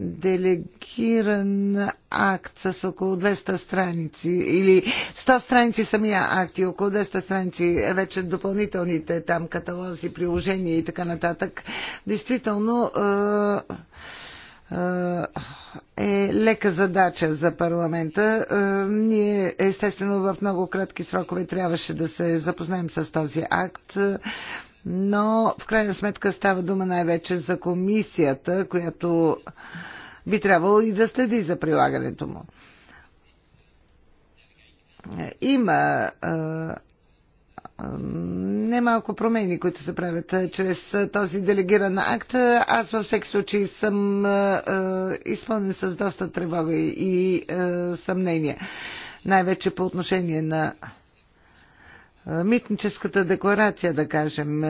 делегиран акт с около 200 страници или 100 страници самия акт и около 200 страници е вече допълнителните там каталози, приложения и така нататък. Действително е, е лека задача за парламента. Е, ние, естествено, в много кратки срокове трябваше да се запознаем с този акт, е, но в крайна сметка става дума най-вече за комисията, която би трябвало и да следи за прилагането му. Има е, немалко промени, които се правят чрез този делегиран акт. Аз във всеки случай съм изпълнен с доста тревога и съмнения. Най-вече по отношение на митническата декларация, да кажем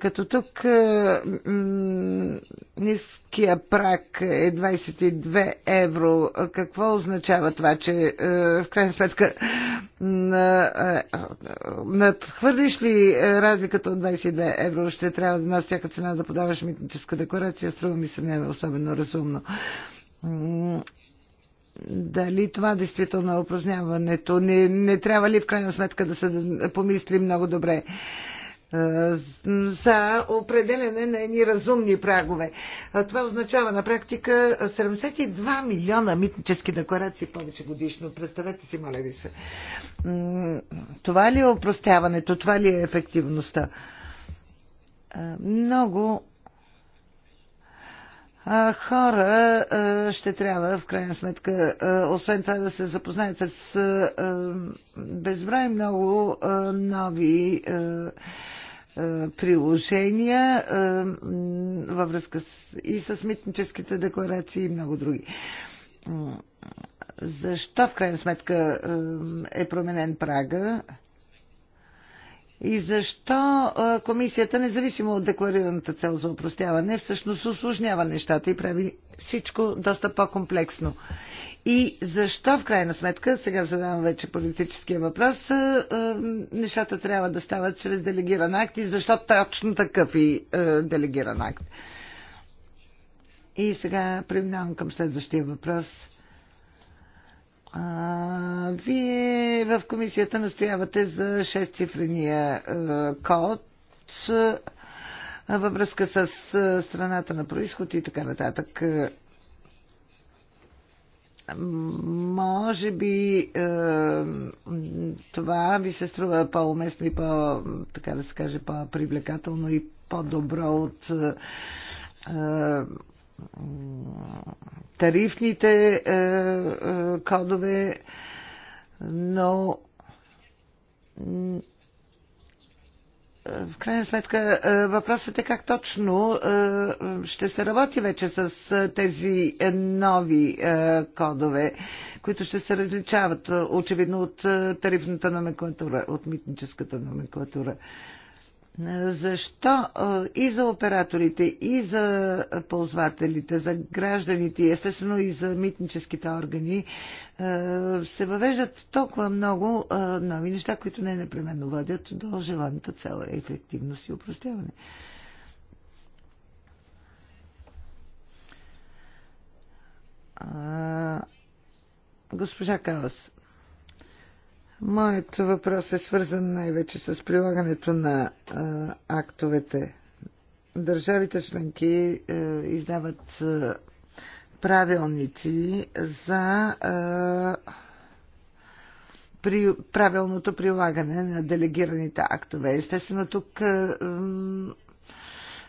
като тук ниския прак е 22 евро, какво означава това, че в крайна сметка надхвърлиш ли разликата от 22 евро, ще трябва на всяка цена да подаваш митническа декларация, струва ми се не е особено разумно дали това действително е упражняването? Не, не трябва ли в крайна сметка да се помисли много добре? за определене на едни разумни прагове. Това означава на практика 72 милиона митнически декларации повече годишно. Представете си, моля ви се. Това ли е опростяването? Това ли е ефективността? Много хора ще трябва, в крайна сметка, освен това да се запознаят с безброй много нови е, приложения е, във връзка с, и с митническите декларации и много други. Защо в крайна сметка е, е променен прага? И защо комисията, независимо от декларираната цел за упростяване, всъщност осложнява нещата и прави всичко доста по-комплексно. И защо в крайна сметка, сега задавам вече политическия въпрос, нещата трябва да стават чрез делегиран акт и защо точно такъв и делегиран акт? И сега преминавам към следващия въпрос. А, вие в комисията настоявате за 6-цифрения код във връзка с страната на происход и така нататък. Може би това ви се струва по-уместно и по, така да се каже, по-привлекателно и по-добро от тарифните кодове, но в крайна сметка е, въпросът е как точно е, ще се работи вече с е, тези нови кодове, които ще се различават очевидно от тарифната номенклатура, от митническата номенклатура защо и за операторите, и за ползвателите, за гражданите, естествено и за митническите органи, се въвеждат толкова много нови неща, които не непременно водят до желаната цел ефективност и упростяване. Госпожа Калас, Моят въпрос е свързан най-вече с прилагането на а, актовете. Държавите членки а, издават а, правилници за а, при, правилното прилагане на делегираните актове. Естествено, тук а, м,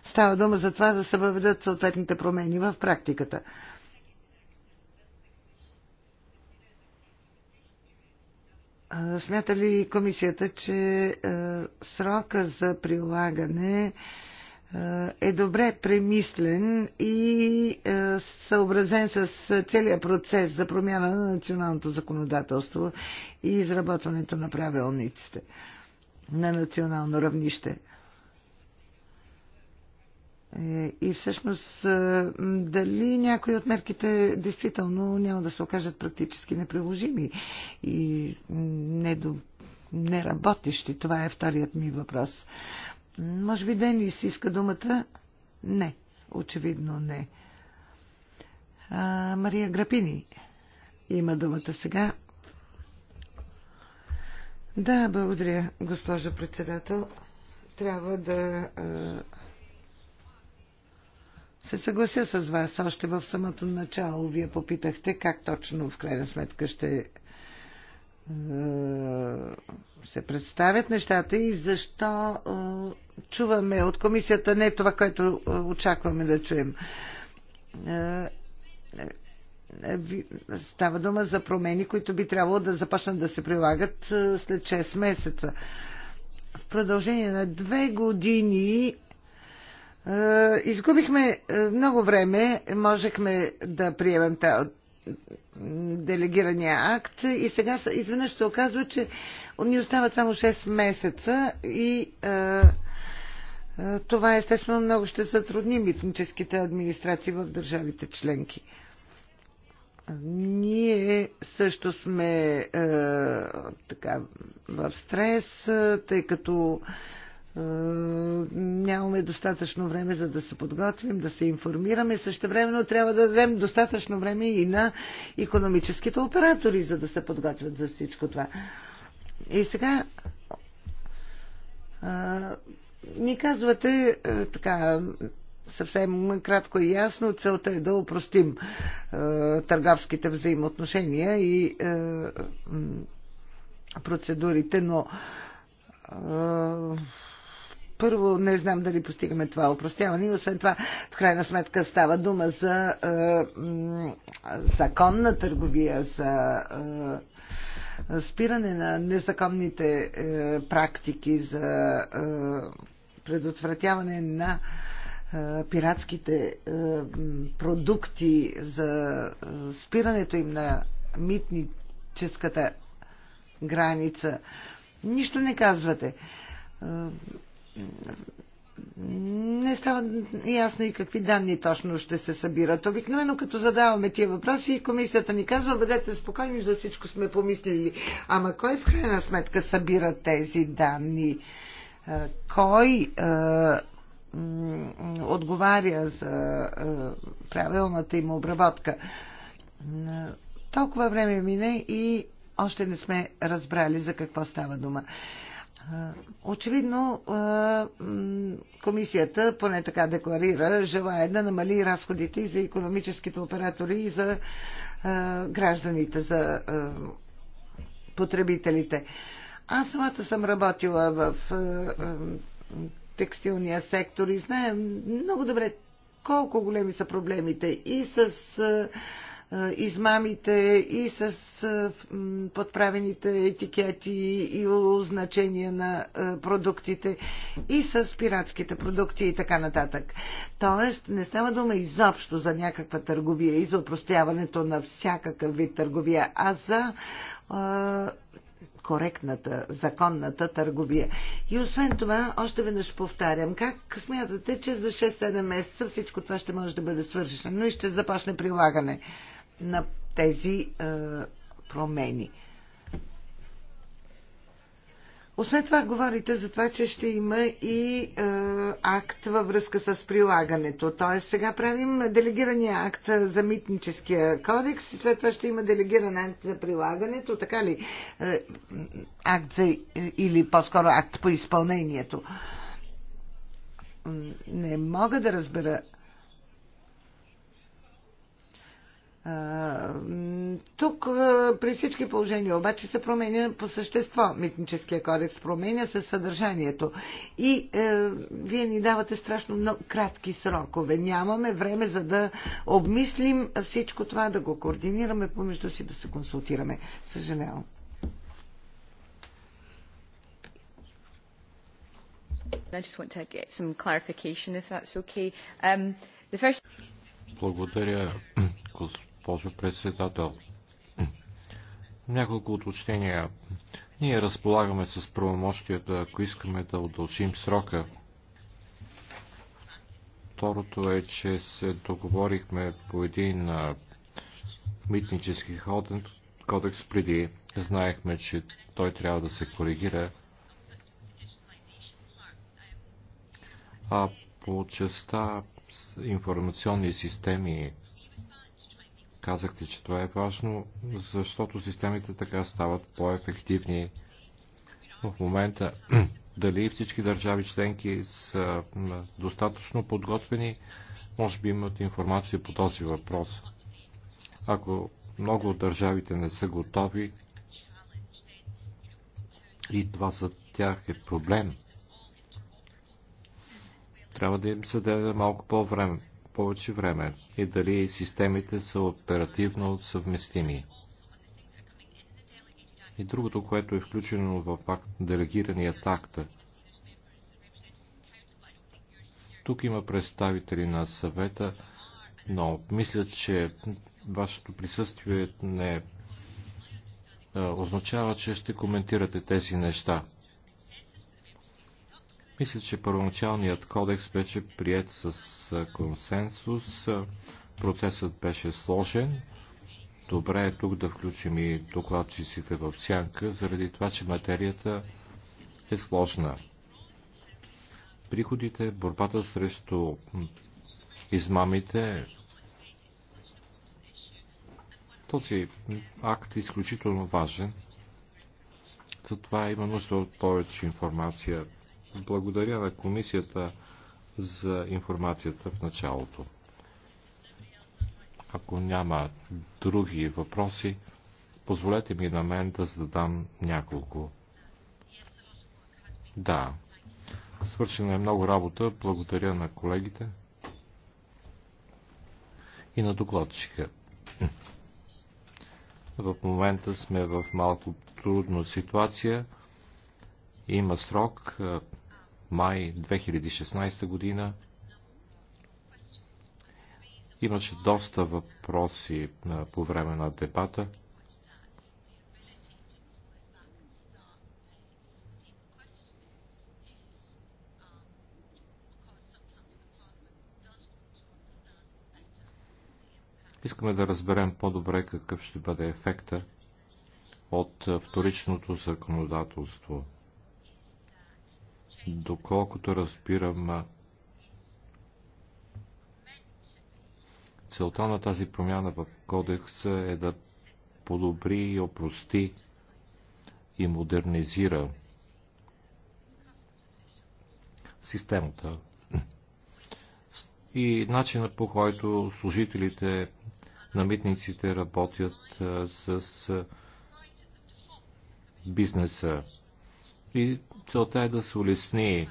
става дума за това да се въведат съответните промени в практиката. А, Смята ли комисията, че срока за прилагане е добре премислен и съобразен с целият процес за промяна на националното законодателство и изработването на правилниците на национално равнище? Е, и всъщност е, дали някои от мерките действително няма да се окажат практически неприложими и недо... неработещи? Това е вторият ми въпрос. Може би Денис иска думата? Не, очевидно не. А, Мария Грапини има думата сега. Да, благодаря, госпожо председател. Трябва да е, се съглася с вас. Още в самото начало вие попитахте как точно в крайна сметка ще е, се представят нещата и защо е, чуваме от комисията не това, което е, очакваме да чуем. Става дума за промени, които би трябвало да започнат да се прилагат след 6 месеца. В продължение на две години е, изгубихме е, много време, можехме да приемем тази делегирания акт и сега изведнъж се оказва, че ни остават само 6 месеца и е, е, това естествено много ще затрудни митническите администрации в държавите членки. Ние също сме е, така, в стрес, е, тъй като е, е, нямаме достатъчно време за да се подготвим, да се информираме. Същевременно трябва да дадем достатъчно време и на економическите оператори, за да се подготвят за всичко това. И сега а, е, ни казвате а, е, така съвсем кратко и ясно, целта е да упростим а, търговските взаимоотношения и а, процедурите, но а, първо не знам дали постигаме това опростяване и освен това в крайна сметка става дума за е, законна търговия, за е, спиране на незаконните е, практики, за е, предотвратяване на е, пиратските е, продукти, за е, спирането им на митническата граница. Нищо не казвате. Е, не става ясно и какви данни точно ще се събират. Обикновено като задаваме тия въпроси и комисията ни казва, бъдете спокойни, за всичко сме помислили. Ама кой в крайна сметка събира тези данни? Е, кой е, отговаря за е, правилната им обработка? Е, толкова време мине и още не сме разбрали за какво става дума. Очевидно, комисията, поне така декларира, желая да намали разходите и за економическите оператори, и за гражданите, за потребителите. Аз самата съм работила в текстилния сектор и знаем много добре колко големи са проблемите и с измамите и с подправените етикети и означения на продуктите и с пиратските продукти и така нататък. Тоест не става дума изобщо за някаква търговия и за упростяването на всякакъв вид търговия, а за коректната, законната търговия. И освен това, още веднъж повтарям, как смятате, че за 6-7 месеца всичко това ще може да бъде свършено и ще започне прилагане? на тези е, промени. Освен това, говорите за това, че ще има и е, акт във връзка с прилагането. Тоест, сега правим делегирания акт за митническия кодекс и след това ще има делегиран акт за прилагането, така ли? Е, акт за, или по-скоро акт по изпълнението. Не мога да разбера Тук при всички положения обаче се променя по същество. Митническия кодекс променя със съдържанието. И е, вие ни давате страшно много кратки срокове. Нямаме време за да обмислим всичко това, да го координираме помежду си, да се консултираме. Съжалявам. Um, Благодаря, господин госпожо председател. Няколко уточнения. Ние разполагаме с правомощията, ако искаме да удължим срока. Второто е, че се договорихме по един а, митнически кодекс преди. Знаехме, че той трябва да се коригира. А по частта информационни системи Казахте, че това е важно, защото системите така стават по-ефективни. В момента дали всички държави членки са достатъчно подготвени, може би имат информация по този въпрос. Ако много от държавите не са готови и това за тях е проблем, трябва да им се даде малко по-време повече време и дали системите са оперативно съвместими. И другото, което е включено в акт, делегираният акт. Тук има представители на съвета, но мисля, че вашето присъствие не означава, че ще коментирате тези неща. Мисля, че първоначалният кодекс беше прият с консенсус. Процесът беше сложен. Добре е тук да включим и докладчиците в сянка, заради това, че материята е сложна. Приходите, борбата срещу измамите, този акт е изключително важен. Затова има нужда от повече информация благодаря на комисията за информацията в началото. Ако няма други въпроси, позволете ми на мен да задам няколко. Да, свършена е много работа. Благодаря на колегите и на докладчика. В момента сме в малко трудна ситуация. Има срок, май 2016 година. Имаше доста въпроси по време на дебата. Искаме да разберем по-добре какъв ще бъде ефекта от вторичното законодателство – Доколкото разбирам, целта на тази промяна в кодекса е да подобри и опрости и модернизира системата и начина по който служителите на митниците работят с бизнеса и целта е да се улесни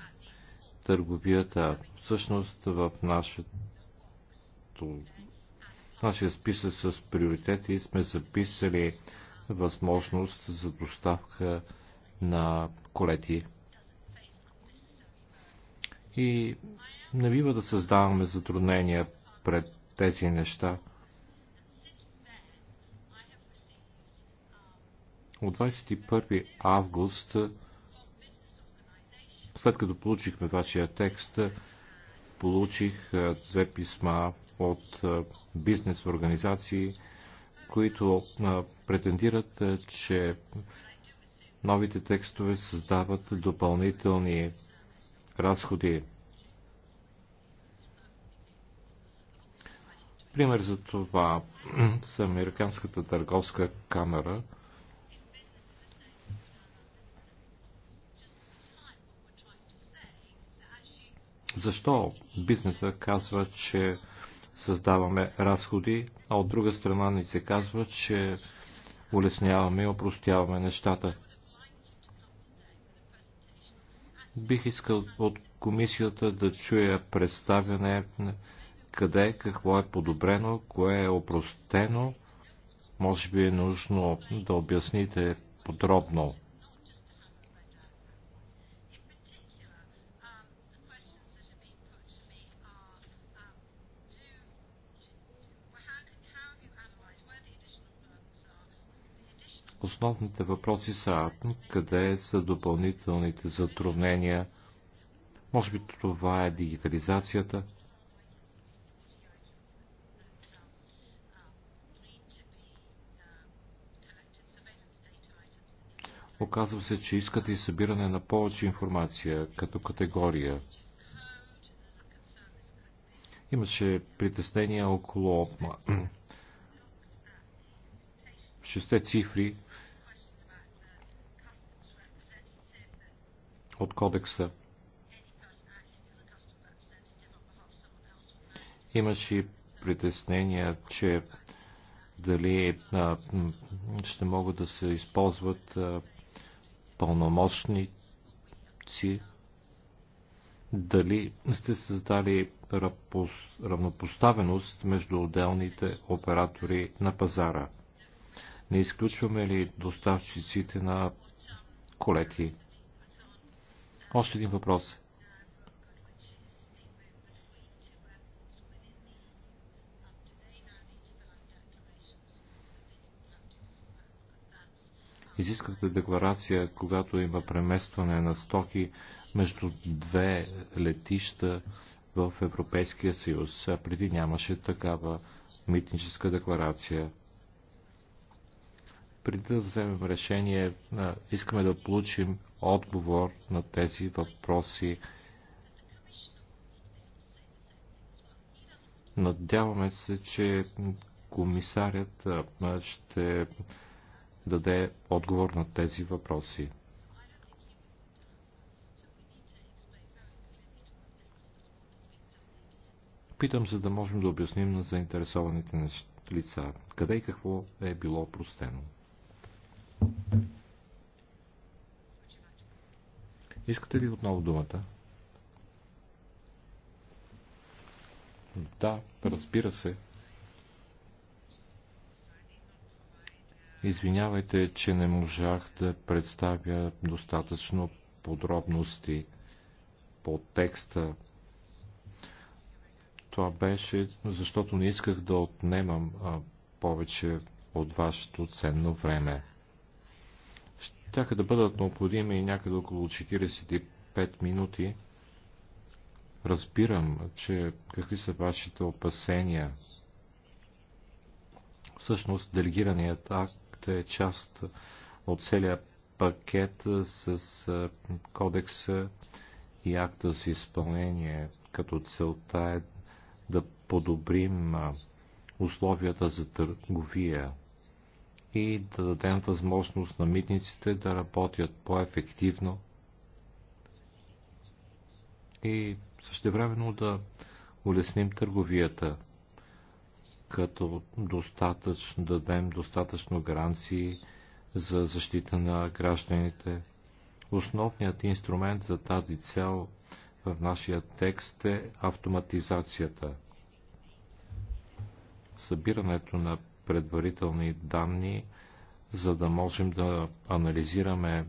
търговията. Всъщност в нашето, нашия списък с приоритети сме записали възможност за доставка на колети. И не бива да създаваме затруднения пред тези неща. От 21 август след като получихме вашия текст, получих две писма от бизнес организации, които претендират, че новите текстове създават допълнителни разходи. Пример за това са Американската търговска камера – Защо бизнеса казва, че създаваме разходи, а от друга страна ни се казва, че улесняваме и опростяваме нещата? Бих искал от комисията да чуя представяне къде, какво е подобрено, кое е опростено. Може би е нужно да обясните подробно Основните въпроси са къде са допълнителните затруднения. Може би това е дигитализацията. Оказва се, че искате и събиране на повече информация като категория. Имаше притеснения около 6 цифри от кодекса. Имаше и притеснения, че дали а, ще могат да се използват а, пълномощници, дали сте създали равнопоставеност между отделните оператори на пазара. Не изключваме ли доставчиците на колети? Още един въпрос. Изисквате декларация, когато има преместване на стоки между две летища в Европейския съюз. А преди нямаше такава митническа декларация преди да вземем решение, искаме да получим отговор на тези въпроси. Надяваме се, че комисарят ще даде отговор на тези въпроси. Питам, за да можем да обясним на заинтересованите лица къде и какво е било простено. Искате ли отново думата? Да, разбира се. Извинявайте, че не можах да представя достатъчно подробности по текста. Това беше, защото не исках да отнемам повече от вашето ценно време. Щяха да бъдат необходими и някъде около 45 минути. Разбирам, че какви са вашите опасения. Всъщност, делегираният акт е част от целия пакет с кодекса и акта с изпълнение, като целта е да подобрим условията за търговия и да дадем възможност на митниците да работят по-ефективно и същевременно да улесним търговията, като достатъчно, дадем достатъчно гаранции за защита на гражданите. Основният инструмент за тази цел в нашия текст е автоматизацията. Събирането на предварителни данни, за да можем да анализираме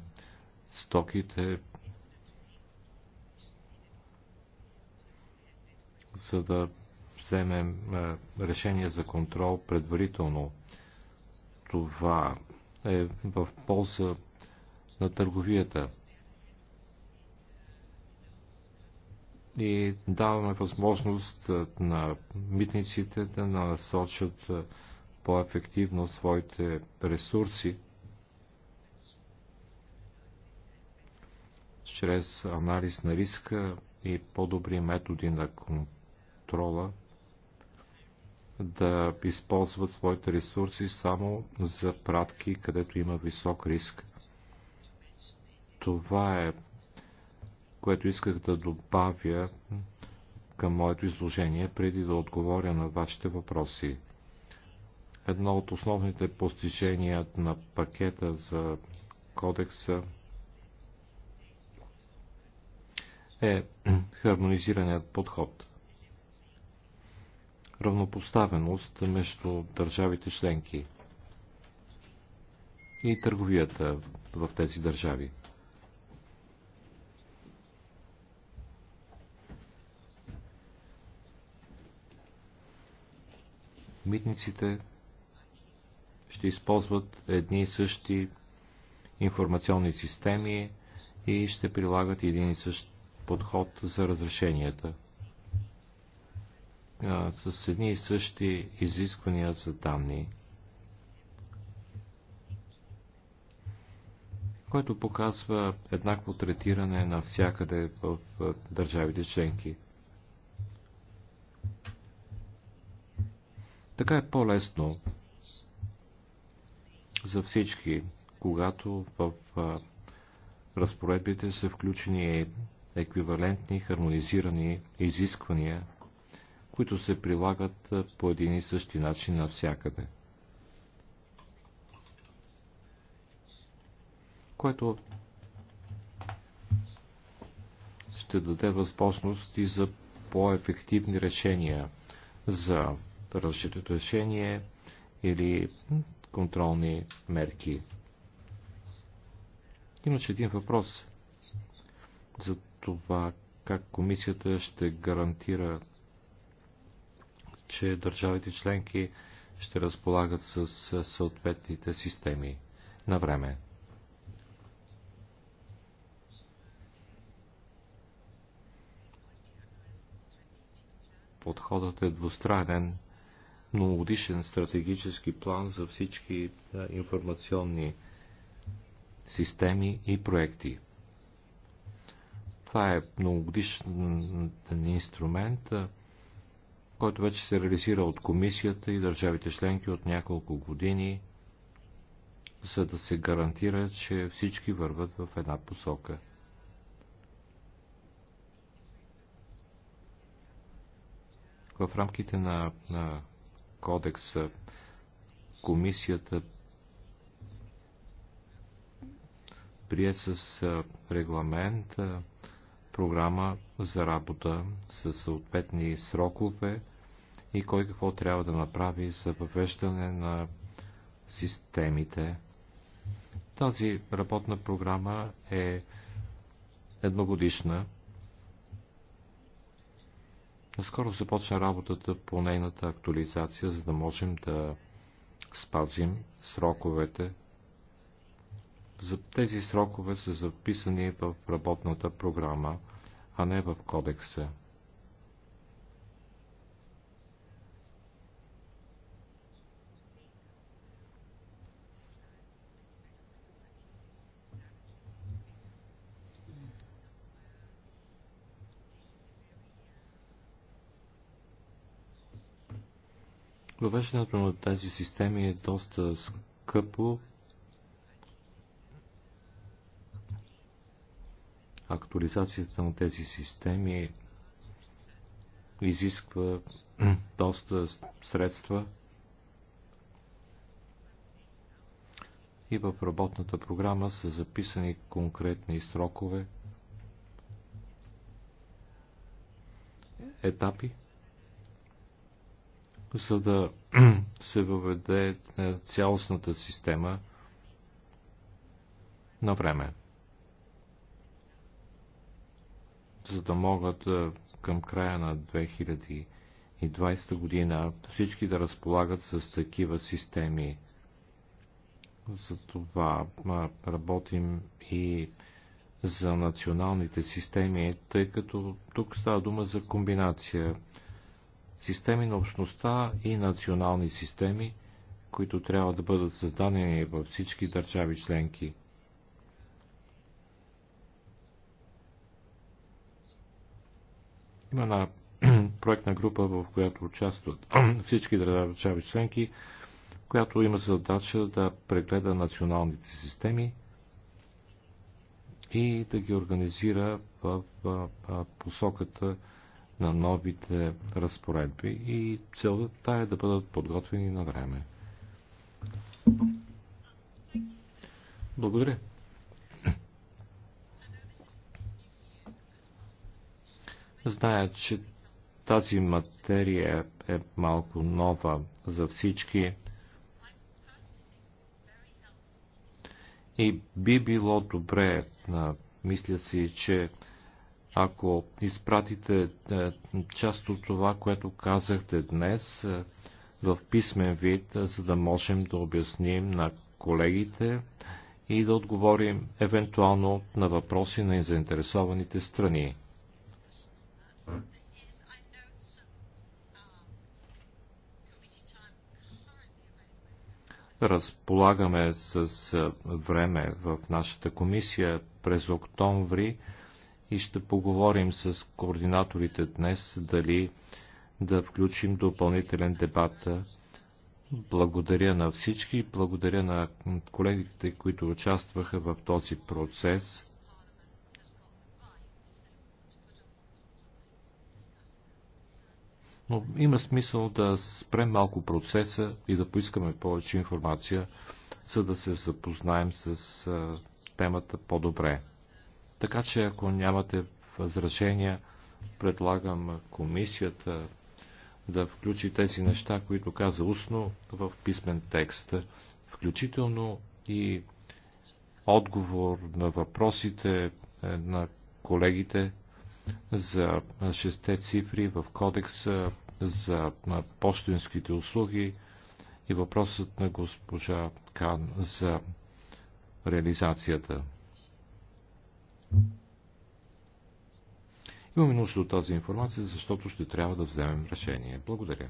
стоките, за да вземем е, решение за контрол предварително. Това е в полза на търговията. И даваме възможност е, на митниците да насочат е, по-ефективно своите ресурси чрез анализ на риска и по-добри методи на контрола да използват своите ресурси само за пратки, където има висок риск. Това е, което исках да добавя към моето изложение, преди да отговоря на вашите въпроси едно от основните постижения на пакета за кодекса е хармонизираният подход. Равнопоставеност между държавите членки и търговията в тези държави. Митниците ще използват едни и същи информационни системи и ще прилагат един и същ подход за разрешенията. С едни и същи изисквания за данни. което показва еднакво третиране навсякъде в държавите членки. Така е по-лесно за всички, когато в разпоредбите са включени еквивалентни хармонизирани изисквания, които се прилагат по един и същи начин навсякъде. Което ще даде възможност и за по-ефективни решения за разрешение или контролни мерки. Имаше един въпрос за това как комисията ще гарантира, че държавите членки ще разполагат с съответните системи на време. Подходът е двустранен многогодишен стратегически план за всички информационни системи и проекти. Това е многогодишен инструмент, който вече се реализира от комисията и държавите членки от няколко години, за да се гарантира, че всички върват в една посока. В рамките на, на кодекса. Комисията прие с регламент програма за работа с съответни срокове и кой какво трябва да направи за въвеждане на системите. Тази работна програма е едногодишна Наскоро започна работата по нейната актуализация, за да можем да спазим сроковете. За тези срокове са записани в работната програма, а не в кодекса. Въвеждането на тези системи е доста скъпо. Актуализацията на тези системи изисква доста средства. И в работната програма са записани конкретни срокове, етапи за да се въведе е, цялостната система на време. За да могат е, към края на 2020 година всички да разполагат с такива системи. За това е, работим и за националните системи, тъй като тук става дума за комбинация системи на общността и национални системи, които трябва да бъдат създадени във всички държави членки. Има една проектна група, в която участват всички държави членки, която има задача да прегледа националните системи и да ги организира в посоката, на новите разпоредби и целта е да бъдат подготвени на време. Благодаря. Зная, че тази материя е малко нова за всички и би било добре, мисля си, че ако изпратите е, част от това, което казахте днес е, в писмен вид, е, за да можем да обясним на колегите и да отговорим евентуално на въпроси на заинтересованите страни. разполагаме с време в нашата комисия през октомври и ще поговорим с координаторите днес дали да включим допълнителен дебат. Благодаря на всички, благодаря на колегите, които участваха в този процес. Но има смисъл да спрем малко процеса и да поискаме повече информация, за да се запознаем с темата по-добре. Така че ако нямате възражения, предлагам комисията да включи тези неща, които каза устно в писмен текст, включително и отговор на въпросите е, на колегите за шесте цифри в кодекса за почтенските услуги и въпросът на госпожа Кан за реализацията. Имаме нужда от тази информация, защото ще трябва да вземем решение. Благодаря.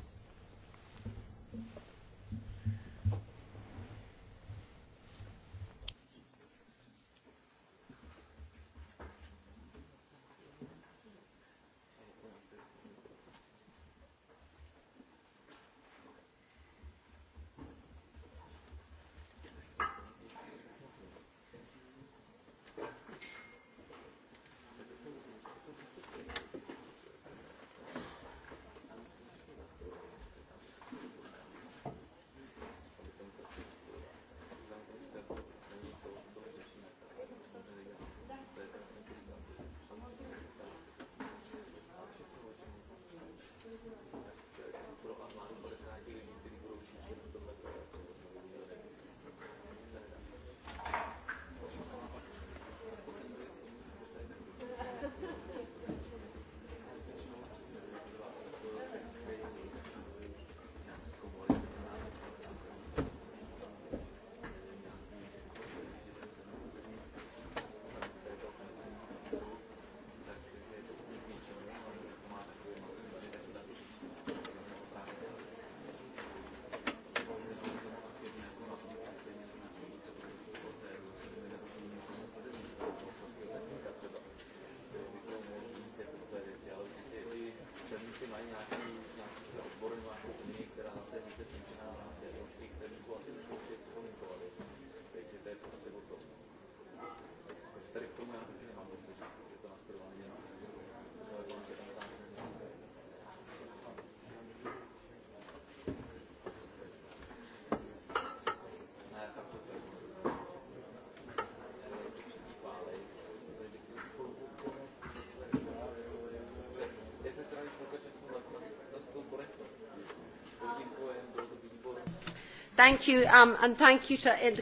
Um,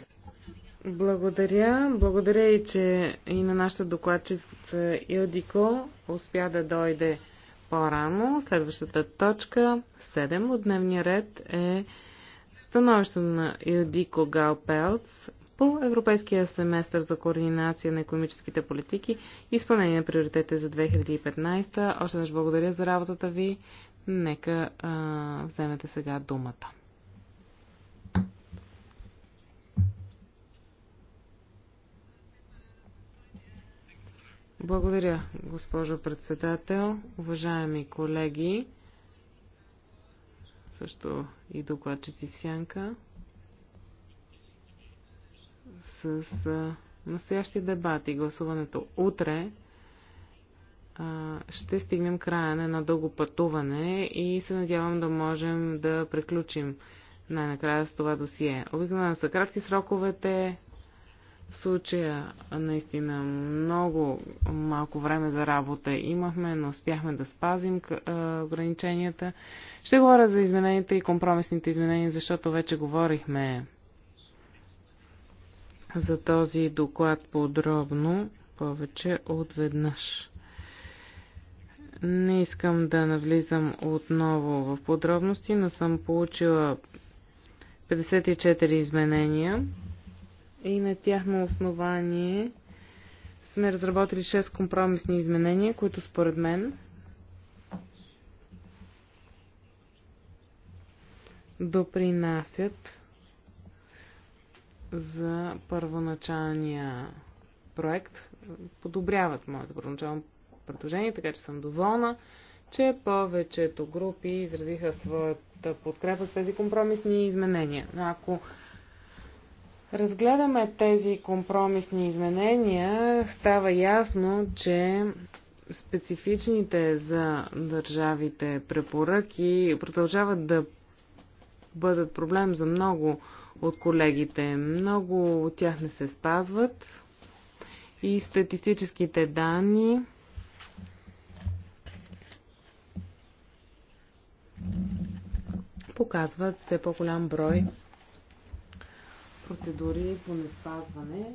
благодаря. Благодаря и, че и на нашата докладчица Илдико успя да дойде по-рано. Следващата точка, 7 от дневния ред, е становището на Илдико Галпелц по Европейския семестър за координация на економическите политики и изпълнение на приоритетите за 2015. Още наш благодаря за работата ви. Нека а, вземете сега думата. Благодаря, госпожо председател. Уважаеми колеги, също и докладчици в сянка, с настоящи дебати и гласуването утре ще стигнем края на едно дълго пътуване и се надявам да можем да приключим най-накрая с това досие. Обикновено са кратки сроковете, в случая наистина много малко време за работа имахме, но успяхме да спазим ограниченията. Ще говоря за измененията и компромисните изменения, защото вече говорихме за този доклад подробно повече от веднъж. Не искам да навлизам отново в подробности, но съм получила 54 изменения и на тяхно основание сме разработили 6 компромисни изменения, които според мен допринасят за първоначалния проект, подобряват моето първоначално предложение, така че съм доволна, че повечето групи изразиха своята подкрепа с тези компромисни изменения. Но ако разгледаме тези компромисни изменения, става ясно, че специфичните за държавите препоръки продължават да бъдат проблем за много от колегите. Много от тях не се спазват и статистическите данни показват все по-голям брой процедури по неспазване,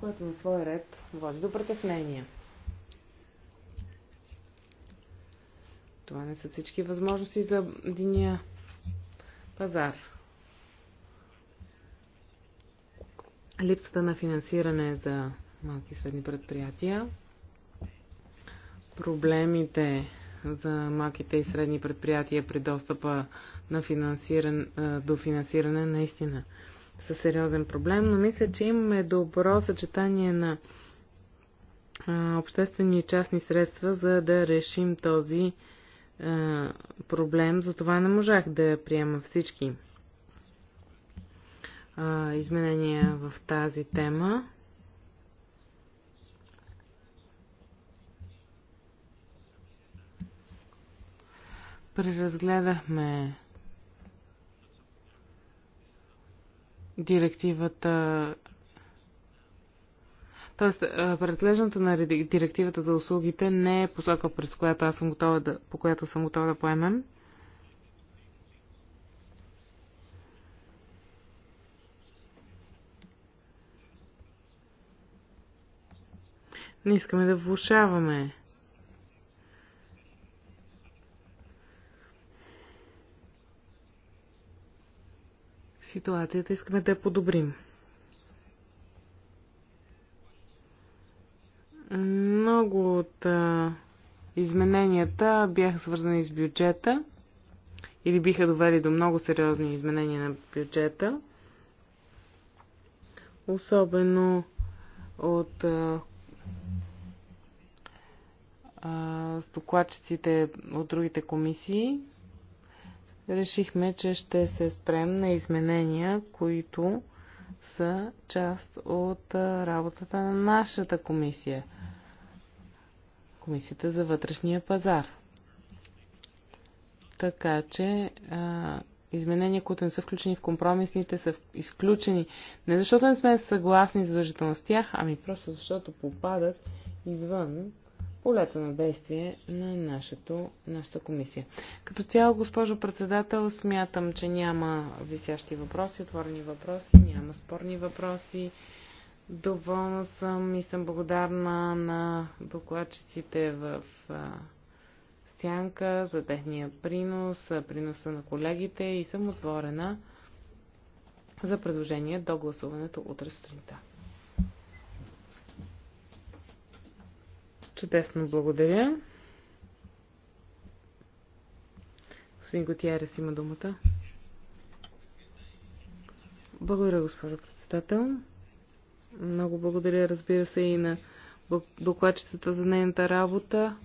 което на свой ред води до притеснения. Това не са всички възможности за единия пазар. Липсата на финансиране за малки и средни предприятия, проблемите за малките и средни предприятия при достъпа на финансиран, до финансиране наистина са сериозен проблем, но мисля, че имаме добро съчетание на а, обществени и частни средства, за да решим този а, проблем. Затова не можах да приема всички а, изменения в тази тема. Преразгледахме директивата Тоест, преразглеждането на директивата за услугите не е посока, през която аз съм готова да, по която съм готова да поемем. Не искаме да влушаваме Ситуацията искаме да я подобрим. Много от а, измененията бяха свързани с бюджета или биха довели до много сериозни изменения на бюджета. Особено от а, а, с от другите комисии решихме, че ще се спрем на изменения, които са част от работата на нашата комисия. Комисията за вътрешния пазар. Така че а, изменения, които не са включени в компромисните, са изключени. Не защото не сме съгласни задължително с тях, ами просто защото попадат извън полето на действие на нашето, нашата комисия. Като цяло, госпожо председател, смятам, че няма висящи въпроси, отворени въпроси, няма спорни въпроси. Доволна съм и съм благодарна на докладчиците в Сянка за техния принос, приноса на колегите и съм отворена за предложение до гласуването утре сутринта. Чудесно, благодаря. Господин Готиарес има думата. Благодаря, госпожо председател. Много благодаря, разбира се, и на докладчицата за нейната работа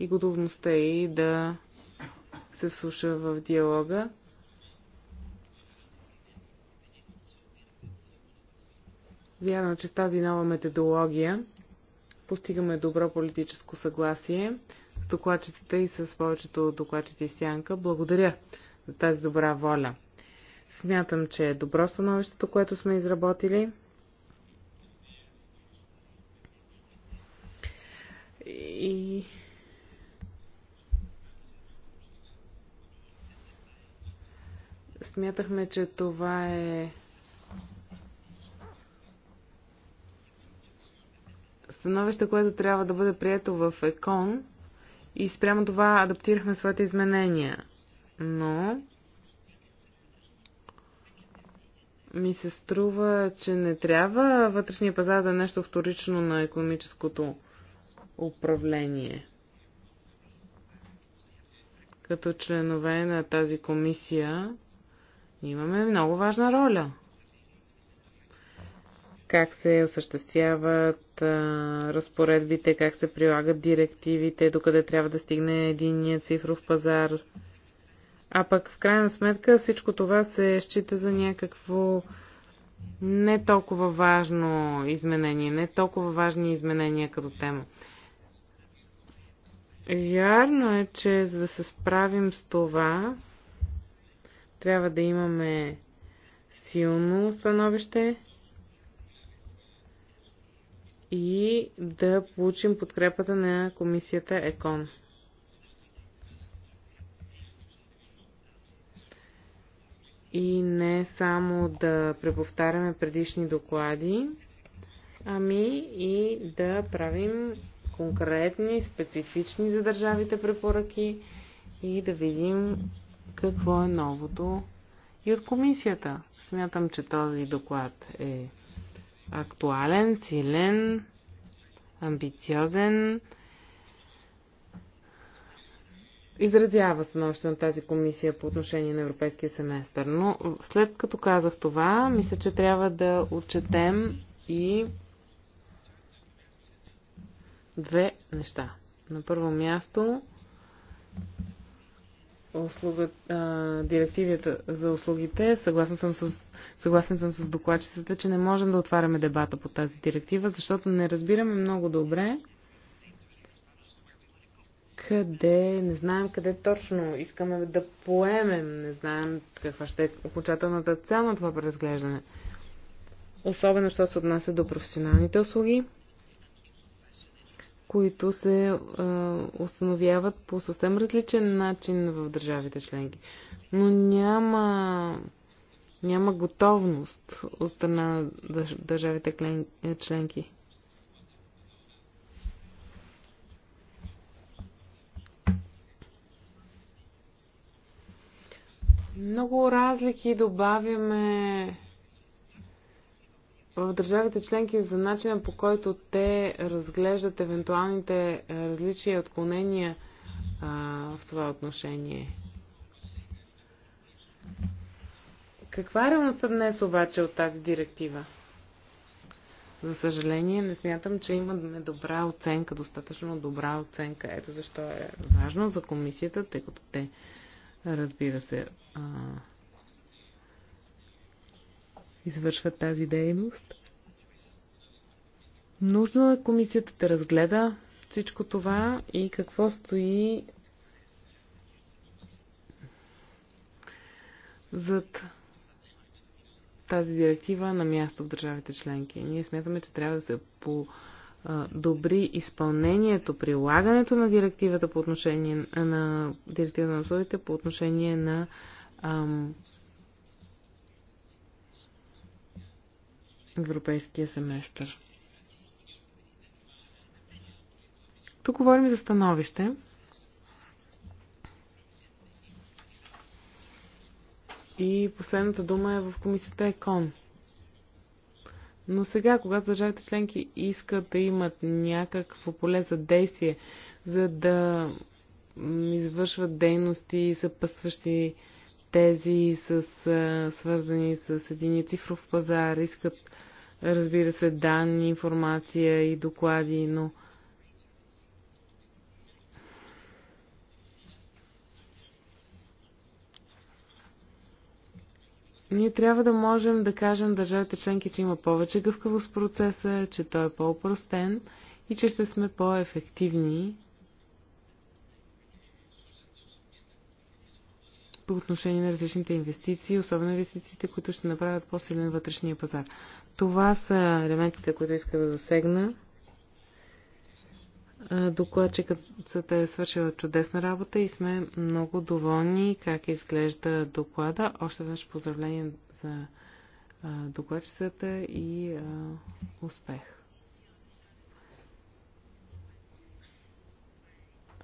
и готовността и да се слуша в диалога. Вярно, че с тази нова методология постигаме добро политическо съгласие с докладчетата и с повечето докладчици Сянка. Благодаря за тази добра воля. Смятам, че е добро становището, което сме изработили. И смятахме, че това е становище, което трябва да бъде прието в ЕКОН и спрямо това адаптирахме своите изменения. Но ми се струва, че не трябва вътрешния пазар да е нещо вторично на економическото управление. Като членове на тази комисия имаме много важна роля – как се осъществяват а, разпоредбите, как се прилагат директивите, докъде трябва да стигне единния цифров пазар. А пък в крайна сметка всичко това се счита за някакво не толкова важно изменение, не толкова важни изменения като тема. Вярно е, че за да се справим с това, трябва да имаме силно становище, и да получим подкрепата на комисията ЕКОН. И не само да преповтаряме предишни доклади, ами и да правим конкретни, специфични за държавите препоръки и да видим какво е новото и от комисията. Смятам, че този доклад е актуален, силен, амбициозен. Изразява становище на тази комисия по отношение на европейския семестър. Но след като казах това, мисля, че трябва да отчетем и две неща. На първо място услуга, а, директивията за услугите, съгласен съм, с, съгласен съм с докладчицата, че не можем да отваряме дебата по тази директива, защото не разбираме много добре къде, не знаем къде точно искаме да поемем, не знаем каква ще е окончателната цел на това преразглеждане. Особено, що се отнася до професионалните услуги които се а, установяват по съвсем различен начин в държавите членки. Но няма, няма готовност от страна на държавите членки. Много разлики добавяме в държавите членки за начина по който те разглеждат евентуалните е, различия и отклонения а, в това отношение. Каква е реалността днес обаче от тази директива? За съжаление, не смятам, че има недобра оценка, достатъчно добра оценка. Ето защо е важно за комисията, тъй като те, разбира се, а, извършват тази дейност. Нужно е комисията да разгледа всичко това и какво стои зад тази директива на място в държавите членки. Ние смятаме, че трябва да се подобри изпълнението, прилагането на директивата по отношение на директивата на условите по отношение на ам, европейския семестър. Тук говорим за становище. И последната дума е в комисията ЕКОН. Но сега, когато държавите членки искат да имат някакво поле за действие, за да извършват дейности, съпъстващи тези с, свързани с един цифров пазар, искат, разбира се, данни, информация и доклади, но ние трябва да можем да кажем държавите членки, че има повече гъвкавост в процеса, че той е по упростен и че ще сме по-ефективни по отношение на различните инвестиции, особено инвестициите, които ще направят по-силен вътрешния пазар. Това са елементите, които иска да засегна. Докладчикът е свършила чудесна работа и сме много доволни как изглежда доклада. Още веднъж поздравление за докладчицата и успех!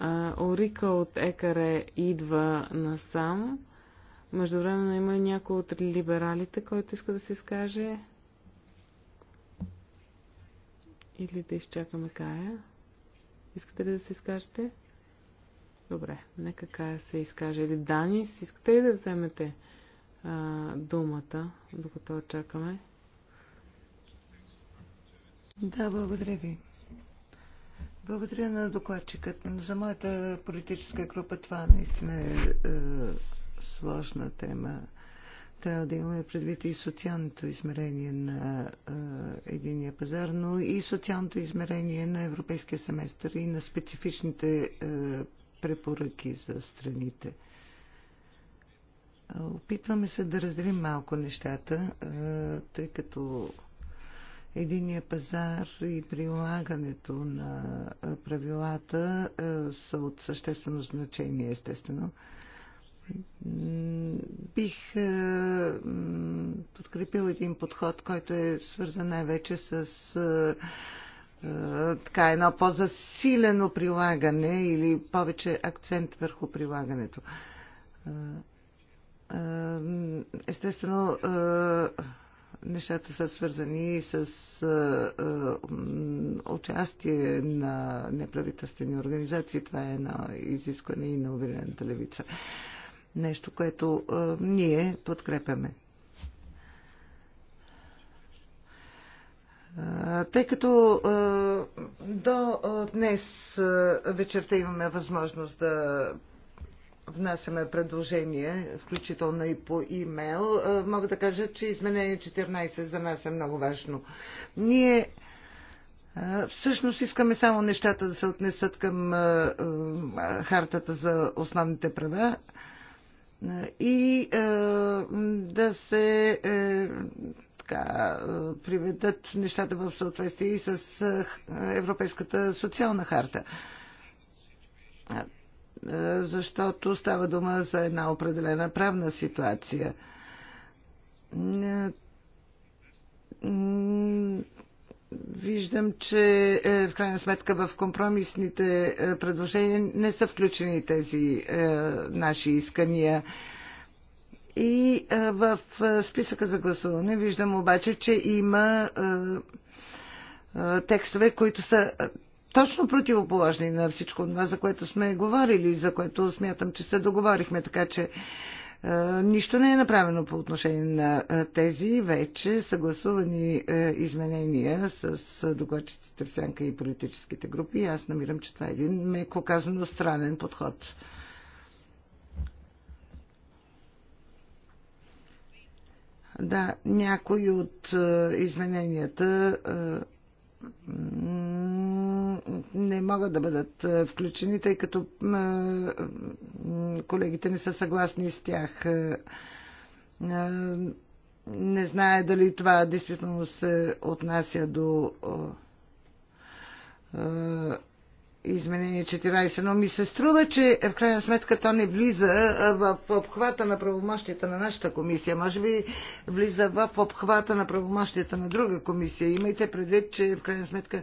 Орика от Екаре идва насам. Между времено има и някой от либералите, който иска да се изкаже. Или да изчакаме Кая. Искате ли да се изкажете? Добре, нека Кая се изкаже. Или Данис, искате ли да вземете а, думата, докато чакаме? Да, благодаря ви. Благодаря на докладчикът. За моята политическа група това наистина е, е сложна тема. Трябва да имаме предвид и социалното измерение на е, единия пазар, но и социалното измерение на европейския семестър и на специфичните е, препоръки за страните. Опитваме се да разделим малко нещата, е, тъй като единия пазар и прилагането на правилата са от съществено значение, естествено. Бих подкрепил един подход, който е свързан най-вече с така едно по-засилено прилагане или повече акцент върху прилагането. Естествено, нещата са свързани с участие на неправителствени организации. Това е на изискване и на уверената левица. Нещо, което ние подкрепяме. Тъй като до днес вечерта имаме възможност да внасяме предложение, включително и по имейл, е, мога да кажа, че изменение 14 за нас е много важно. Ние е, Всъщност искаме само нещата да се отнесат към е, хартата за основните права и да се така, приведат нещата в съответствие и с Европейската социална харта защото става дума за една определена правна ситуация. Виждам, че е, в крайна сметка в компромисните е, предложения не са включени тези е, наши искания. И в списъка за гласуване виждам обаче, че има текстове, които са точно противоположни на всичко това, за което сме говорили, за което смятам, че се договорихме, така че е, нищо не е направено по отношение на е, тези вече съгласувани е, изменения с е, докладчиците в сянка и политическите групи. Аз намирам, че това е един меко казано странен подход. Да, някои от е, измененията е, не могат да бъдат е, включени, тъй като е, колегите не са съгласни с тях. Е, не знае дали това действително се отнася до изменение 14, но ми се струва, че в крайна сметка то не влиза в обхвата на правомощията на нашата комисия. Може би влиза в обхвата на правомощията на друга комисия. Имайте предвид, че в крайна сметка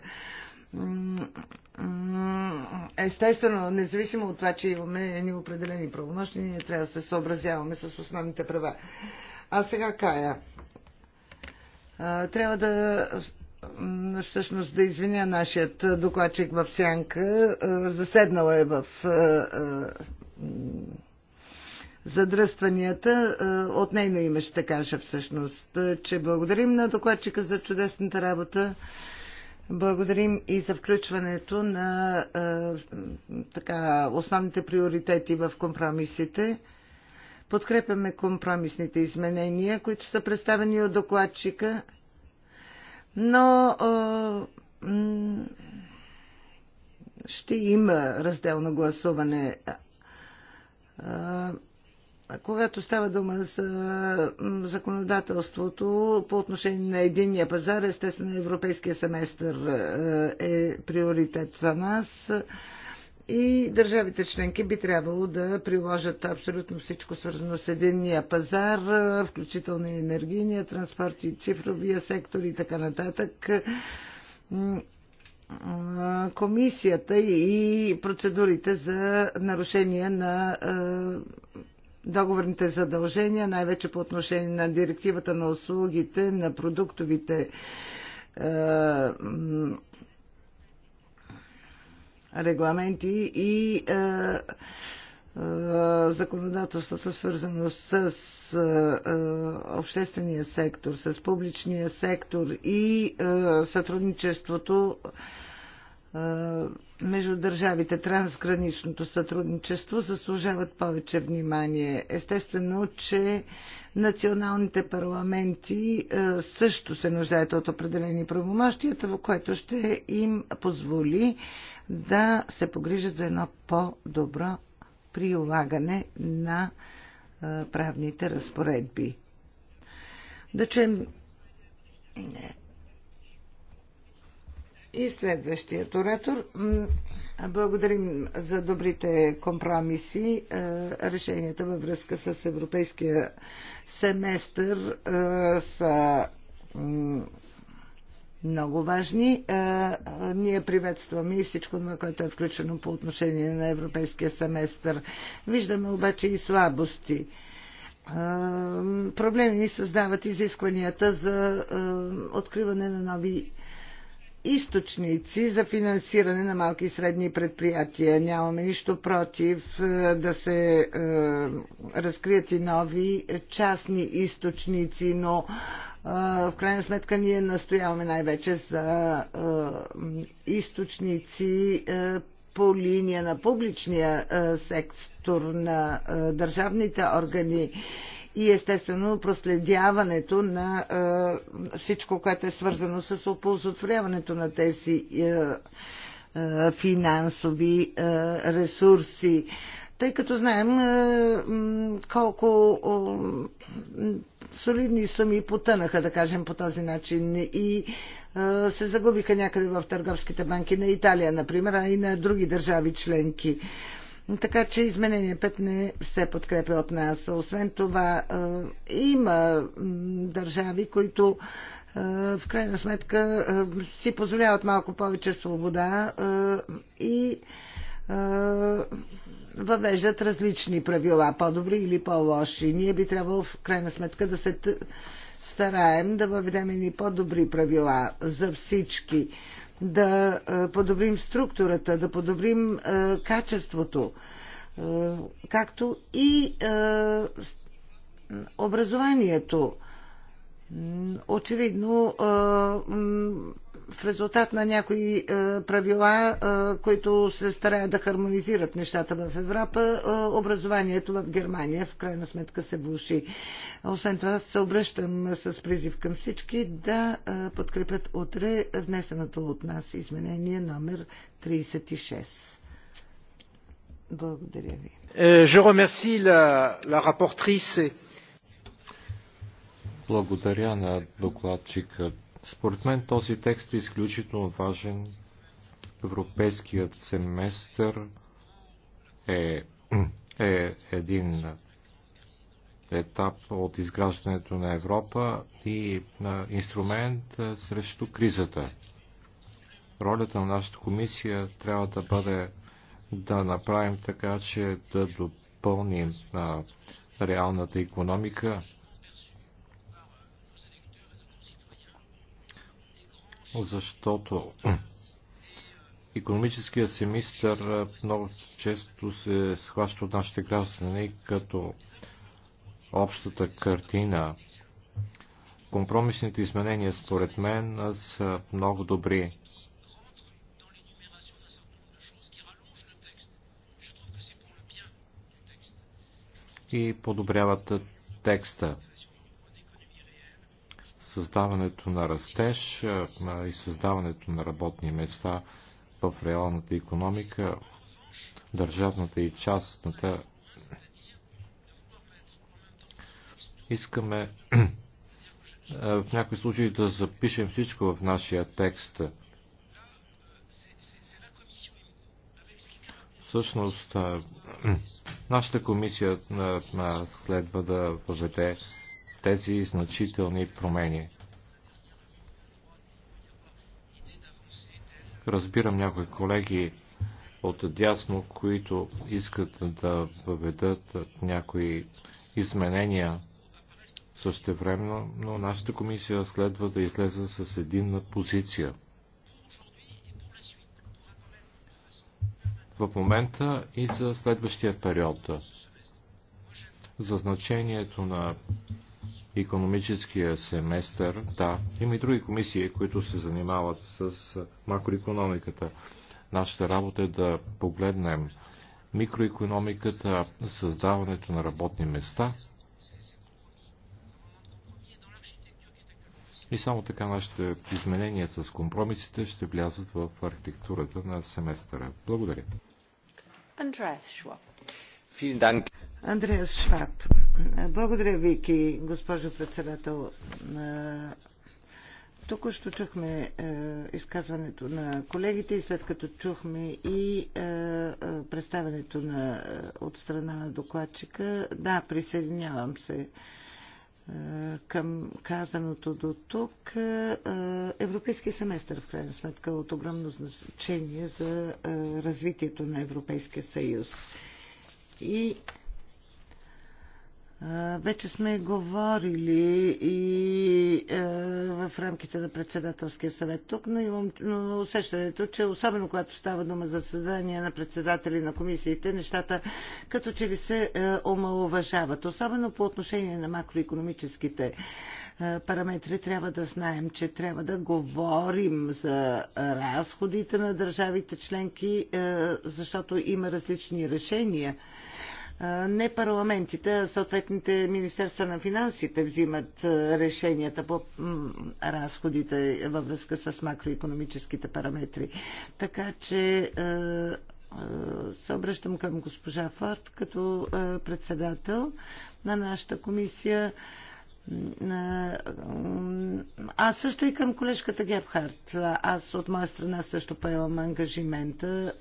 Естествено, независимо от това, че имаме едни определени правомощи, ние трябва да се съобразяваме с основните права. А сега Кая. Трябва да всъщност да извиня нашият докладчик в Сянка. Заседнала е в задръстванията. От нейно име ще кажа всъщност, че благодарим на докладчика за чудесната работа. Благодарим и за включването на е, така, основните приоритети в компромисите. Подкрепяме компромисните изменения, които са представени от докладчика, но е, ще има разделно гласуване. Е, когато става дума за законодателството по отношение на единния пазар, естествено европейския семестър е, е приоритет за нас и държавите членки би трябвало да приложат абсолютно всичко свързано с единния пазар, е, включително и енергийния транспорт и цифровия сектор и така нататък е, комисията и процедурите за нарушение на договорните задължения, най-вече по отношение на директивата на услугите, на продуктовите е, регламенти и е, е, законодателството свързано с е, е обществения сектор, с публичния сектор и е, сътрудничеството между държавите трансграничното сътрудничество заслужават повече внимание. Естествено, че националните парламенти е, също се нуждаят от определени правомощията, което ще им позволи да се погрижат за едно по-добро прилагане на е, правните разпоредби. Да чуем и следващият оратор. Благодарим за добрите компромиси, е, решенията във връзка с европейския семестър е, са много важни. Е, ние приветстваме и всичко това, което е включено по отношение на европейския семестър. Виждаме обаче и слабости. Проблеми ни създават изискванията за откриване на нови източници за финансиране на малки и средни предприятия. Нямаме нищо против е, да се е, разкрият и нови частни източници, но е, в крайна сметка ние настояваме най-вече за източници по линия на публичния сектор, на държавните органи и естествено проследяването на всичко, което е свързано с оползотворяването на тези финансови ресурси. Тъй като знаем колко солидни суми потънаха, да кажем по този начин, и се загубиха някъде в търговските банки на Италия, например, а и на други държави членки. Така че изменение 5 не се подкрепя от нас. Освен това, има държави, които в крайна сметка си позволяват малко повече свобода и въвеждат различни правила, по-добри или по-лоши. Ние би трябвало в крайна сметка да се стараем да въведем и по-добри правила за всички да е, подобрим структурата, да подобрим е, качеството, е, както и образованието. Очевидно, в резултат на някои е, правила, е, които се стараят да хармонизират нещата в Европа, е, образованието в Германия в крайна сметка се влуши. Освен това се обръщам с призив към всички да подкрепят утре внесеното от нас изменение номер 36. Благодаря ви. Благодаря на докладчикът според мен този текст е изключително важен. Европейският семестър е, е един етап от изграждането на Европа и инструмент срещу кризата. Ролята на нашата комисия трябва да бъде да направим така, че да допълним а, реалната економика защото економическия семистър много често се схваща от нашите граждани като общата картина. Компромисните изменения, според мен, са много добри. И подобряват текста създаването на растеж и създаването на работни места в реалната економика, държавната и частната. Искаме в някои случаи да запишем всичко в нашия текст. Всъщност, нашата комисия следва да въведе тези значителни промени. Разбирам някои колеги от дясно, които искат да въведат някои изменения също време, но нашата комисия следва да излезе с единна позиция. В момента и за следващия период за значението на економическия семестър. Да, има и други комисии, които се занимават с макроекономиката. Нашата работа е да погледнем микроекономиката, създаването на работни места. И само така нашите изменения с компромисите ще влязат в архитектурата на семестъра. Благодаря. Андреас Шваб. Андреас Шваб. Благодаря, Вики, госпожо председател. Току-що чухме е, изказването на колегите и след като чухме и е, е, представянето на, от страна на докладчика, да, присъединявам се към казаното до тук. европейски семестър, в крайна сметка, е от огромно значение за развитието на Европейския съюз. И вече сме говорили и в рамките на председателския съвет тук, но имам усещането, че особено когато става дума за създание на председатели на комисиите, нещата като че ли се омалуважават. Особено по отношение на макроекономическите параметри трябва да знаем, че трябва да говорим за разходите на държавите членки, защото има различни решения – не парламентите, а съответните Министерства на финансите взимат решенията по разходите във връзка с макроекономическите параметри. Така че се обръщам към госпожа Форд като председател на нашата комисия. А също и към колежката Гебхарт. Аз от моя страна също поемам ангажимента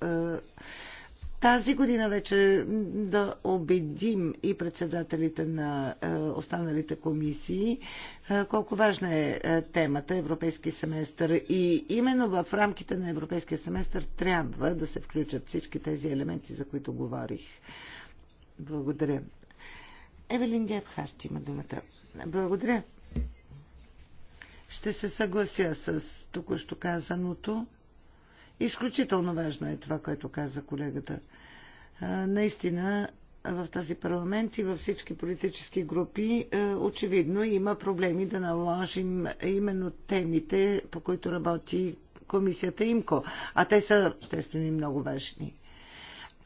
тази година вече да убедим и председателите на е, останалите комисии е, колко важна е, е темата Европейски семестър. И именно в рамките на Европейския семестър трябва да се включат всички тези елементи, за които говорих. Благодаря. Евелин Гебхарт има думата. Благодаря. Ще се съглася с току-що казаното. Изключително важно е това, което каза колегата. Наистина, в този парламент и във всички политически групи очевидно има проблеми да наложим именно темите, по които работи комисията ИМКО. А те са, естествено, и много важни.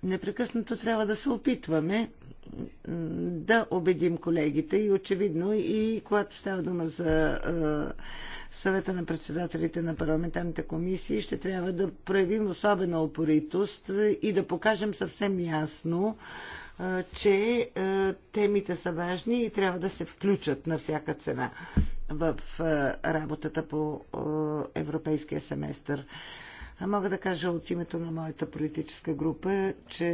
Непрекъснато трябва да се опитваме да убедим колегите и очевидно и когато става дума за съвета на председателите на парламентарните комисии, ще трябва да проявим особена опоритост и да покажем съвсем ясно, че темите са важни и трябва да се включат на всяка цена в работата по европейския семестър. А Мога да кажа от името на моята политическа група, че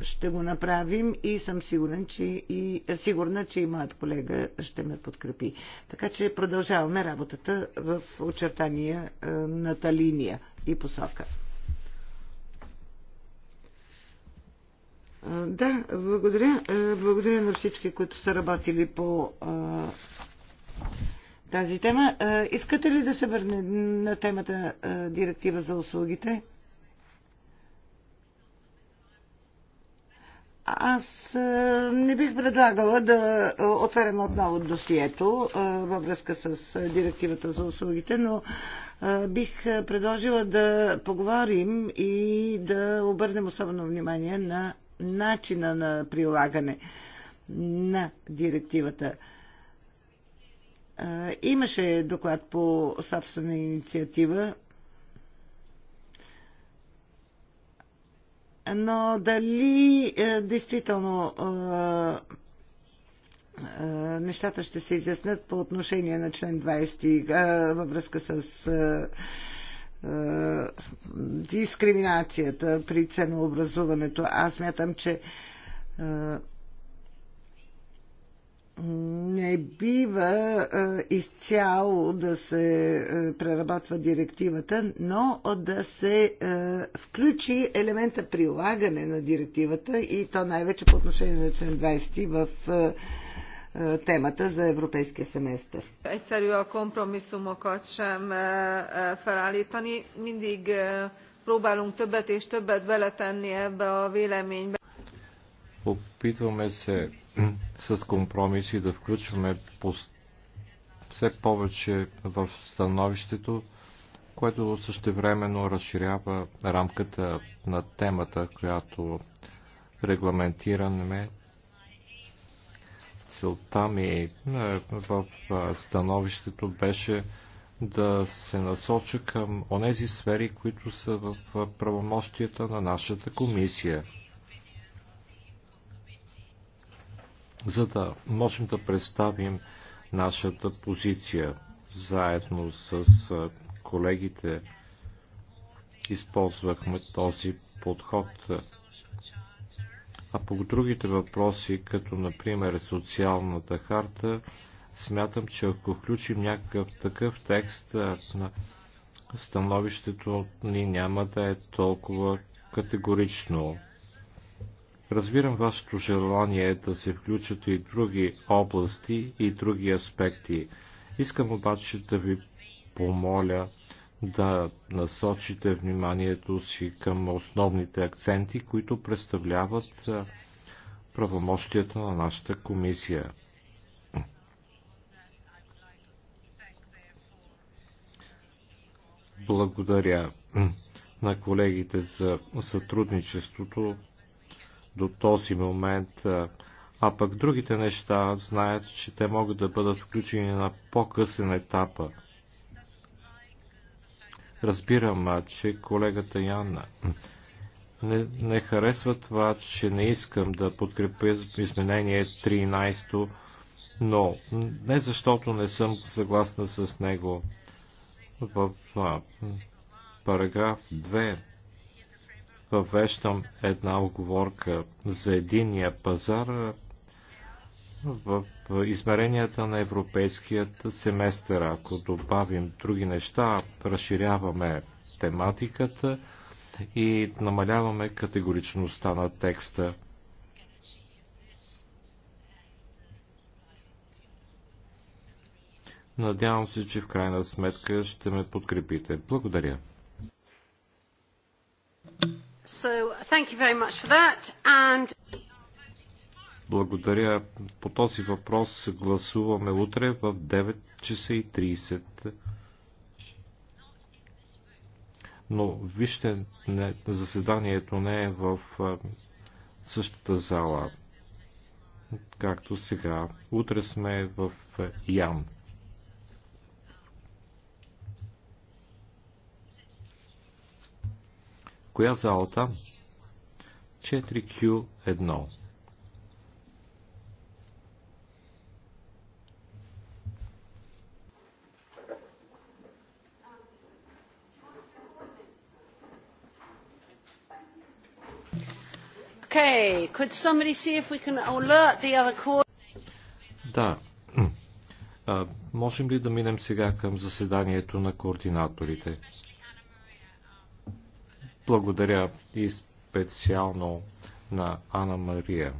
ще го направим и съм сигурен, че и, сигурна, че и моят колега ще ме подкрепи. Така че продължаваме работата в очертания е, на та линия и посока. Е, да, благодаря. Е, благодаря на всички, които са работили по тази тема. Искате ли да се върне на темата директива за услугите? Аз не бих предлагала да отварям отново досието във връзка с директивата за услугите, но бих предложила да поговорим и да обърнем особено внимание на начина на прилагане на директивата. Имаше доклад по собствена инициатива, но дали е, действително нещата ще се изяснят по отношение на член 20 във връзка с дискриминацията при ценообразуването. Аз мятам, че не бива изцяло да се преработва директивата, но да се включи елемента прилагане на директивата и то най-вече по отношение на член 20 в темата за европейския семестър. Ецарио a kompromisszumokat sem felállítani. Mindig próbálunk többet és többet beletenni ebbe a véleménybe. Опитваме се с компромиси да включваме все повече в становището, което същевременно разширява рамката на темата, която регламентираме. Целта ми е, в становището беше да се насоча към онези сфери, които са в правомощията на нашата комисия. за да можем да представим нашата позиция заедно с колегите. Използвахме този подход. А по другите въпроси, като например социалната харта, смятам, че ако включим някакъв такъв текст, становището ни няма да е толкова категорично. Разбирам вашето желание да се включат и други области и други аспекти. Искам обаче да ви помоля да насочите вниманието си към основните акценти, които представляват правомощията на нашата комисия. Благодаря на колегите за сътрудничеството до този момент. А пък другите неща знаят, че те могат да бъдат включени на по-късен етап. Разбирам, че колегата Янна не, не харесва това, че не искам да подкрепя изменение 13, но не защото не съм съгласна с него. В а, параграф въвеждам една оговорка за единия пазар в измеренията на европейският семестър. Ако добавим други неща, разширяваме тематиката и намаляваме категоричността на текста. Надявам се, че в крайна сметка ще ме подкрепите. Благодаря. So, thank you very much for that. And... Благодаря. По този въпрос гласуваме утре в 9 часа и 30. Но вижте, не, заседанието не е в същата зала, както сега. Утре сме в Ян. Коя зала там? 4Q1. Okay, could somebody see if we can alert the other Да. А, можем ли да минем сега към заседанието на координаторите? Благодаря и специално на Анна Мария.